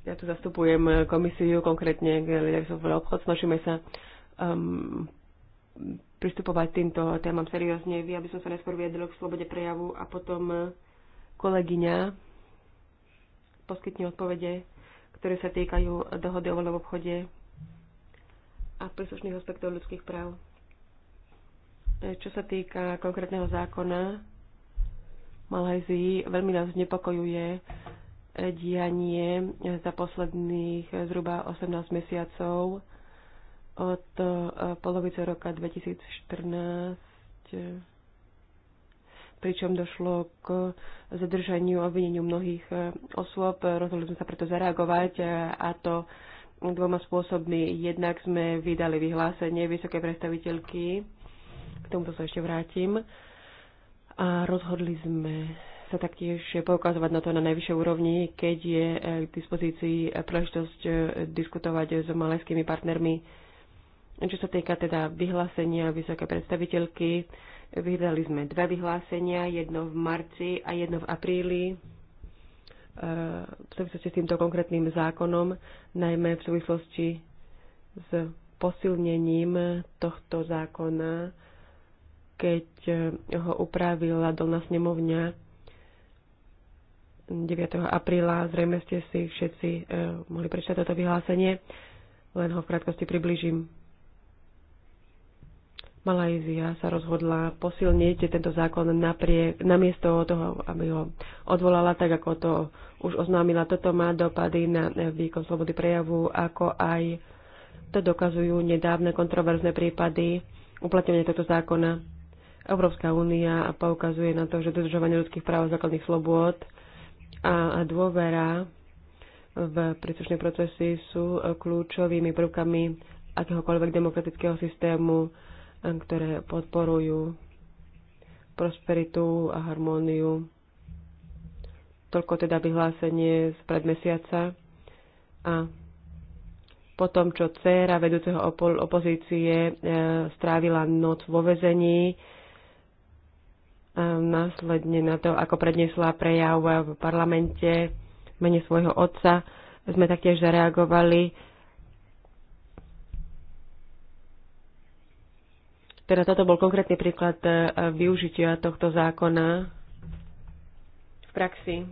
Ja tu zastupujem komisiu, konkrétne pre obchod. Snažíme sa um, pristupovať týmto témam seriózne. Vy, aby som sa najskôr viedla k slobode prejavu a potom e, kolegyňa poskytne odpovede, ktoré sa týkajú dohody o voľnom obchode a príslušných aspektov ľudských práv. E, čo sa týka konkrétneho zákona Malajzii, veľmi nás znepokojuje e, dianie za posledných zhruba 18 mesiacov od e, polovice roka 2014, e, pričom došlo k zadržaniu a obvineniu mnohých e, osôb. Rozhodli sme sa preto zareagovať a to dvoma spôsobmi. Jednak sme vydali vyhlásenie vysokej predstaviteľky, k tomuto sa ešte vrátim, a rozhodli sme sa taktiež poukazovať na to na najvyššej úrovni, keď je k dispozícii príležitosť diskutovať s malajskými partnermi čo sa týka teda vyhlásenia vysoké predstaviteľky, vydali sme dva vyhlásenia, jedno v marci a jedno v apríli e, v súvislosti s týmto konkrétnym zákonom, najmä v súvislosti s posilnením tohto zákona, keď e, ho upravila dolná snemovňa 9. apríla. Zrejme ste si všetci e, mohli prečítať toto vyhlásenie, len ho v krátkosti približím. Malajzia sa rozhodla posilniť tento zákon napriek, namiesto toho, aby ho odvolala, tak ako to už oznámila. Toto má dopady na výkon slobody prejavu, ako aj to dokazujú nedávne kontroverzné prípady uplatňovania tohto zákona. Európska únia poukazuje na to, že dodržovanie ľudských práv a základných slobôd a dôvera v príslušné procesy sú kľúčovými prvkami akéhokoľvek demokratického systému ktoré podporujú prosperitu a harmóniu. Toľko teda vyhlásenie z predmesiaca A potom, čo dcéra vedúceho opo- opozície e, strávila noc vo vezení, a následne na to, ako predniesla prejav v parlamente mene svojho otca, sme taktiež zareagovali Teda toto bol konkrétny príklad e, využitia tohto zákona v praxi.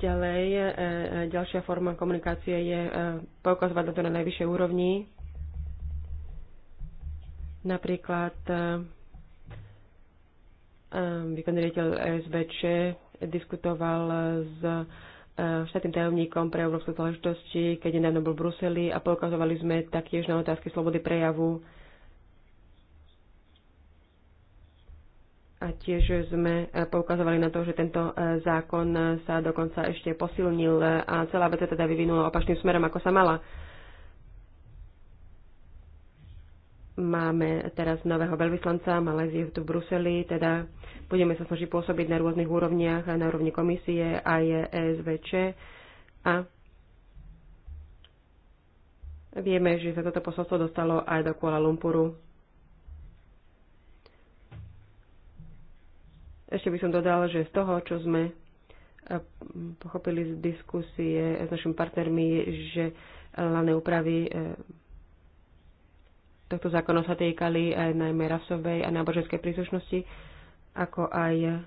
Ďalej, e, e, ďalšia forma komunikácie je poukazovať na to na najvyššej úrovni. Napríklad výkonný riaditeľ SVČ diskutoval s štátnym tajomníkom pre európske záležitosti, keď nedávno bol v Bruseli a poukazovali sme taktiež na otázky slobody prejavu A tiež sme e, poukazovali na to, že tento e, zákon e, sa dokonca ešte posilnil a celá vec teda vyvinula opačným smerom, ako sa mala. Máme teraz nového veľvyslanca Malézie tu v Bruseli, teda budeme sa snažiť pôsobiť na rôznych úrovniach, na úrovni komisie a je ESVČ. A vieme, že sa toto posolstvo dostalo aj do Kuala Lumpuru Ešte by som dodala, že z toho, čo sme e, pochopili z diskusie s našimi partnermi, že e, hlavné úpravy e, tohto zákona sa týkali aj najmä rasovej a náboženskej príslušnosti, ako aj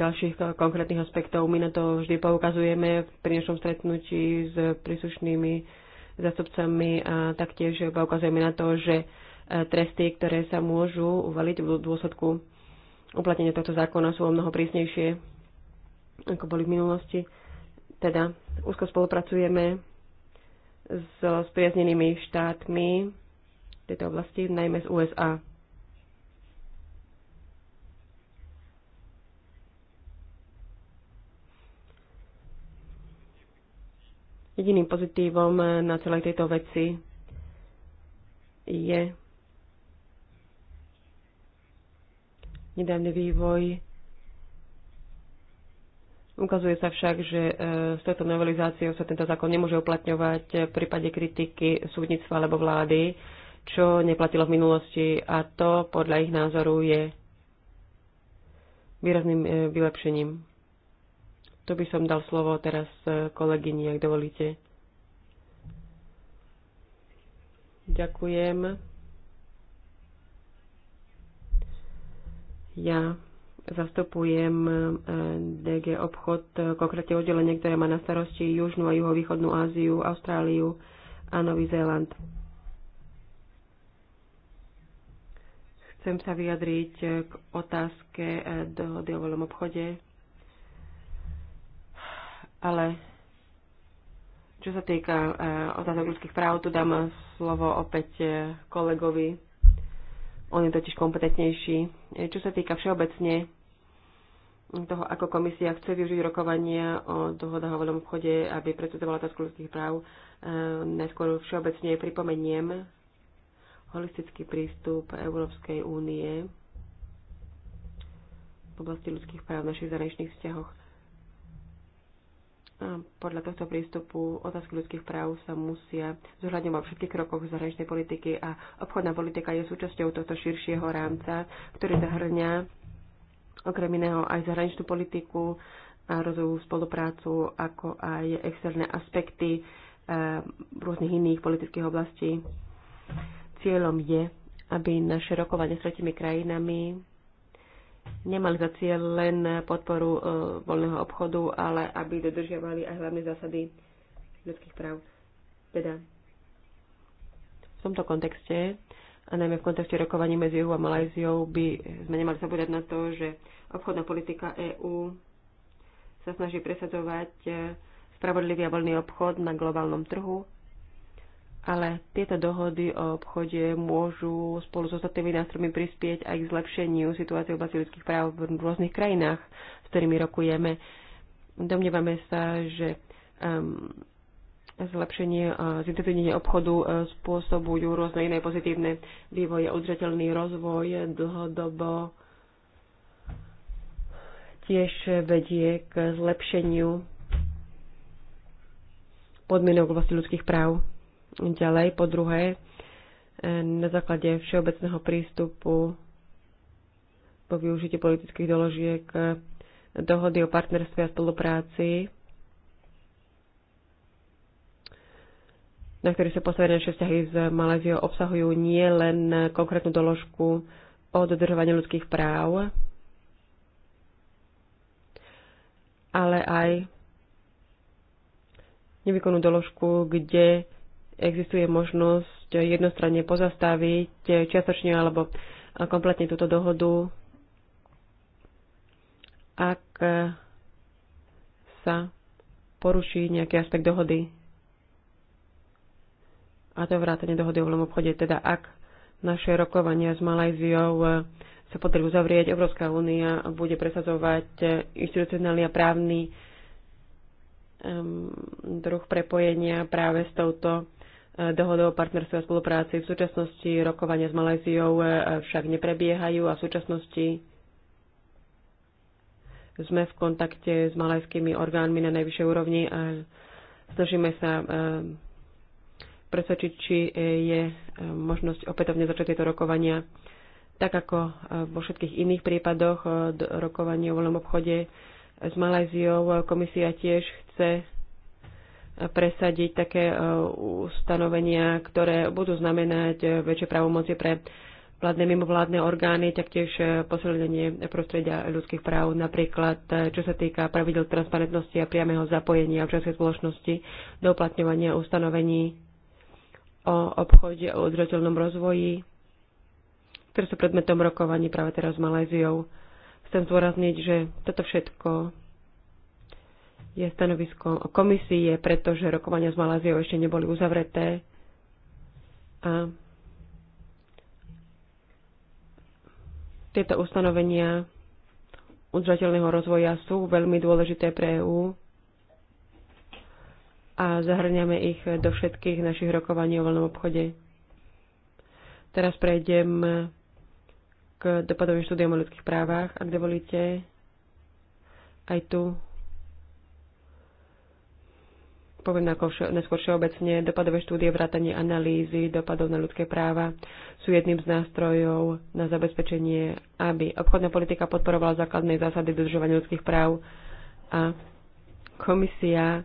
ďalších konkrétnych aspektov. My na to vždy poukazujeme v našom stretnutí s príslušnými zastupcami a taktiež poukazujeme na to, že e, tresty, ktoré sa môžu uvaliť v dôsledku uplatnenia tohto zákona, sú o mnoho prísnejšie, ako boli v minulosti. Teda úzko spolupracujeme so spriaznenými štátmi v tejto oblasti, najmä z USA. Jediným pozitívom eh, na celej tejto veci je nedávny vývoj. Ukazuje sa však, že eh, s touto novelizáciou sa tento zákon nemôže uplatňovať eh, v prípade kritiky súdnictva alebo vlády, čo neplatilo v minulosti a to podľa ich názoru je výrazným vylepšením. To by som dal slovo teraz e, kolegyni, ak dovolíte. Ďakujem. Ja zastupujem e, DG obchod, konkrétne oddelenie, ktoré má na starosti Južnú a Juhovýchodnú Áziu, Austráliu a Nový Zéland. Chcem sa vyjadriť k otázke e, do o obchode ale čo sa týka e, otázok ľudských práv, tu dám slovo opäť e, kolegovi. On je totiž kompetentnejší. E, čo sa týka všeobecne toho, ako komisia chce využiť rokovania o dohodách o voľnom obchode, aby predstavovala otázku ľudských práv, najskôr všeobecne pripomeniem holistický prístup Európskej únie v oblasti ľudských práv v našich zahraničných vzťahoch podľa tohto prístupu otázky ľudských práv sa musia zohľadňovať vo všetkých krokoch zahraničnej politiky a obchodná politika je súčasťou tohto širšieho rámca, ktorý zahrňa okrem iného aj zahraničnú politiku a rozvojovú spoluprácu, ako aj externé aspekty eh, rôznych iných politických oblastí. Cieľom je, aby naše rokovanie s tretimi krajinami nemali za cieľ len podporu e, voľného obchodu, ale aby dodržiavali aj hlavné zásady ľudských práv. Teda v tomto kontexte a najmä v kontexte rokovaní medzi EU a Malajziou by sme nemali zabúdať na to, že obchodná politika EÚ sa snaží presadzovať e, spravodlivý a voľný obchod na globálnom trhu ale tieto dohody o obchode môžu spolu s so ostatnými nástrojmi prispieť aj k zlepšeniu situácie v oblasti ľudských práv v rôznych krajinách, s ktorými rokujeme. Domnievame sa, že um, zlepšenie, uh, zintenzívnenie obchodu uh, spôsobujú rôzne iné pozitívne vývoje, udržateľný rozvoj dlhodobo tiež vedie k zlepšeniu podmienok v oblasti ľudských práv. Ďalej, po druhé, e, na základe všeobecného prístupu po využití politických doložiek e, dohody o partnerstve a spolupráci, na ktorý sa postavené naše vzťahy s Maléziou, obsahujú nie len konkrétnu doložku o dodržovaní ľudských práv, ale aj nevykonnú doložku, kde existuje možnosť jednostranne pozastaviť čiastočne alebo kompletne túto dohodu, ak sa poruší nejaký aspekt dohody. A to vrátanie dohody o voľnom obchode. Teda ak naše rokovania s Malajziou sa potrebujú zavrieť Európska únia bude presadzovať inštitucionálny a právny druh prepojenia práve s touto dohodou o partnerstve a spolupráci. V súčasnosti rokovania s Maléziou e, však neprebiehajú a v súčasnosti sme v kontakte s malajskými orgánmi na najvyššej úrovni a snažíme sa e, presvedčiť, či e, je možnosť opätovne začať tieto rokovania. Tak ako vo všetkých iných prípadoch rokovania o voľnom obchode s Malajziou, komisia tiež chce presadiť také e, ustanovenia, ktoré budú znamenať e, väčšie právomoci pre vládne mimovládne orgány, taktiež e, posilnenie prostredia ľudských práv, napríklad čo sa týka pravidel transparentnosti a priameho zapojenia občianskej spoločnosti do uplatňovania ustanovení o obchode, o udržateľnom rozvoji, ktoré sú predmetom rokovaní práve teraz s Maléziou. Chcem zdôrazniť, že toto všetko je stanovisko komisie, pretože rokovania s Maláziou ešte neboli uzavreté. A tieto ustanovenia udržateľného rozvoja sú veľmi dôležité pre EÚ a zahrňame ich do všetkých našich rokovaní o voľnom obchode. Teraz prejdem k dopadovým štúdiom o ľudských právach, ak dovolíte. Aj tu poviem neskôr všeobecne, dopadové štúdie vrátanie analýzy dopadov na ľudské práva sú jedným z nástrojov na zabezpečenie, aby obchodná politika podporovala základné zásady dodržovania ľudských práv a komisia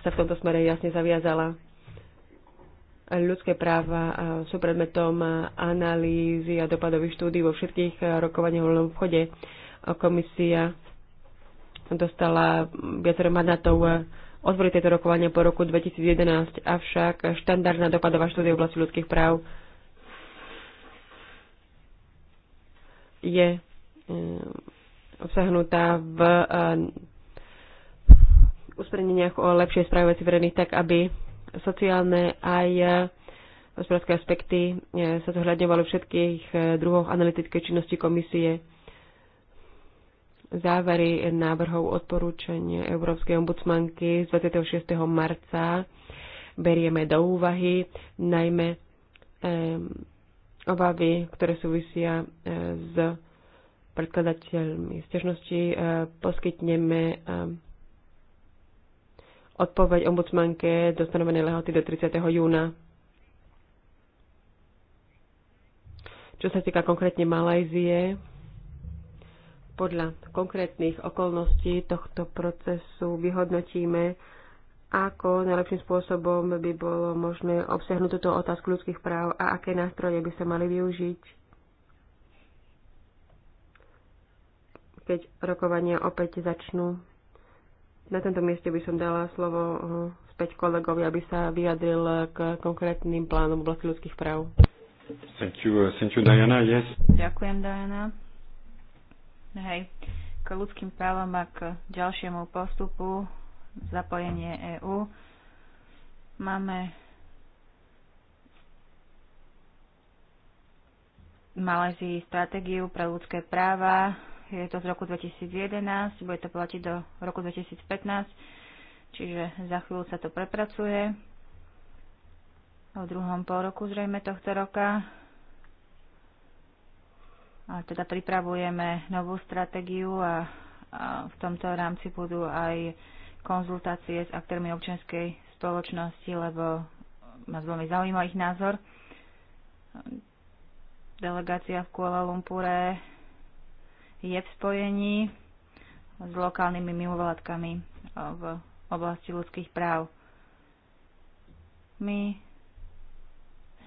sa v tomto smere jasne zaviazala. Ľudské práva sú predmetom analýzy a dopadových štúdí vo všetkých rokovaniach o obchode. Komisia dostala viacero mandátov otvorí tieto rokovania po roku 2011, avšak štandardná dopadová štúdia v oblasti ľudských práv je eh, obsahnutá v eh, usmerneniach o lepšej správe veci verejných tak, aby sociálne aj eh, hospodárske aspekty sa zohľadňovali všetkých druhoch analytickej činnosti komisie závery návrhov odporúčaní Európskej ombudsmanky z 26. marca berieme do úvahy, najmä obavy, ktoré súvisia e, s predkladateľmi stežnosti. E, poskytneme odpoveď ombudsmanke do stanovenej lehoty do 30. júna. Čo sa týka konkrétne Malajzie, podľa konkrétnych okolností tohto procesu vyhodnotíme, ako najlepším spôsobom by bolo možné obsiahnuť túto otázku ľudských práv a aké nástroje by sa mali využiť, keď rokovania opäť začnú. Na tomto mieste by som dala slovo eh, späť kolegovi, aby sa vyjadril k konkrétnym plánom v oblasti ľudských práv. Thank you, eh, thank you, Diana. Yes. Ďakujem, Diana hej, k ľudským právom a k ďalšiemu postupu zapojenie EÚ. Máme Malézii stratégiu pre ľudské práva. Je to z roku 2011, bude to platiť do roku 2015, čiže za chvíľu sa to prepracuje. O druhom pol roku zrejme tohto roka a teda pripravujeme novú stratégiu a, a v tomto rámci budú aj konzultácie s aktérmi občianskej spoločnosti, lebo ma veľmi zaujíma ich názor. Delegácia v Kuala Lumpure je v spojení s lokálnymi mimovládkami e, v oblasti ľudských práv. My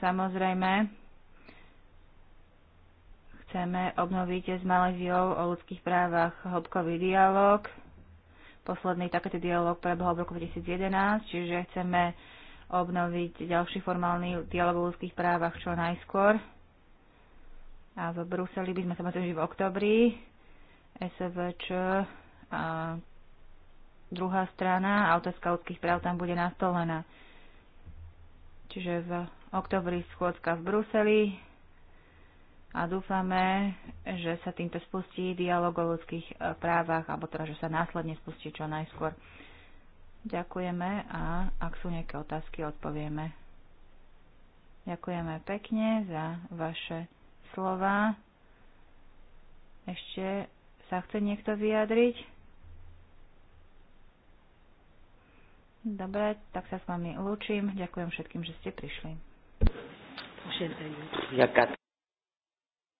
samozrejme chceme obnoviť s Maléziou o ľudských právach hĺbkový dialog. Posledný takýto dialog prebehol v roku 2011, čiže chceme obnoviť ďalší formálny dialog o ľudských právach čo najskôr. A v Bruseli by sme sa mali v oktobri. SVČ a druhá strana autorska ľudských práv tam bude nastolená. Čiže v oktobri schôdzka v Bruseli, a dúfame, že sa týmto spustí dialog o ľudských e, právach, alebo teda, že sa následne spustí čo najskôr. Ďakujeme a ak sú nejaké otázky, odpovieme. Ďakujeme pekne za vaše slova. Ešte sa chce niekto vyjadriť? Dobre, tak sa s vami lúčim. Ďakujem všetkým, že ste prišli. Ďakujem.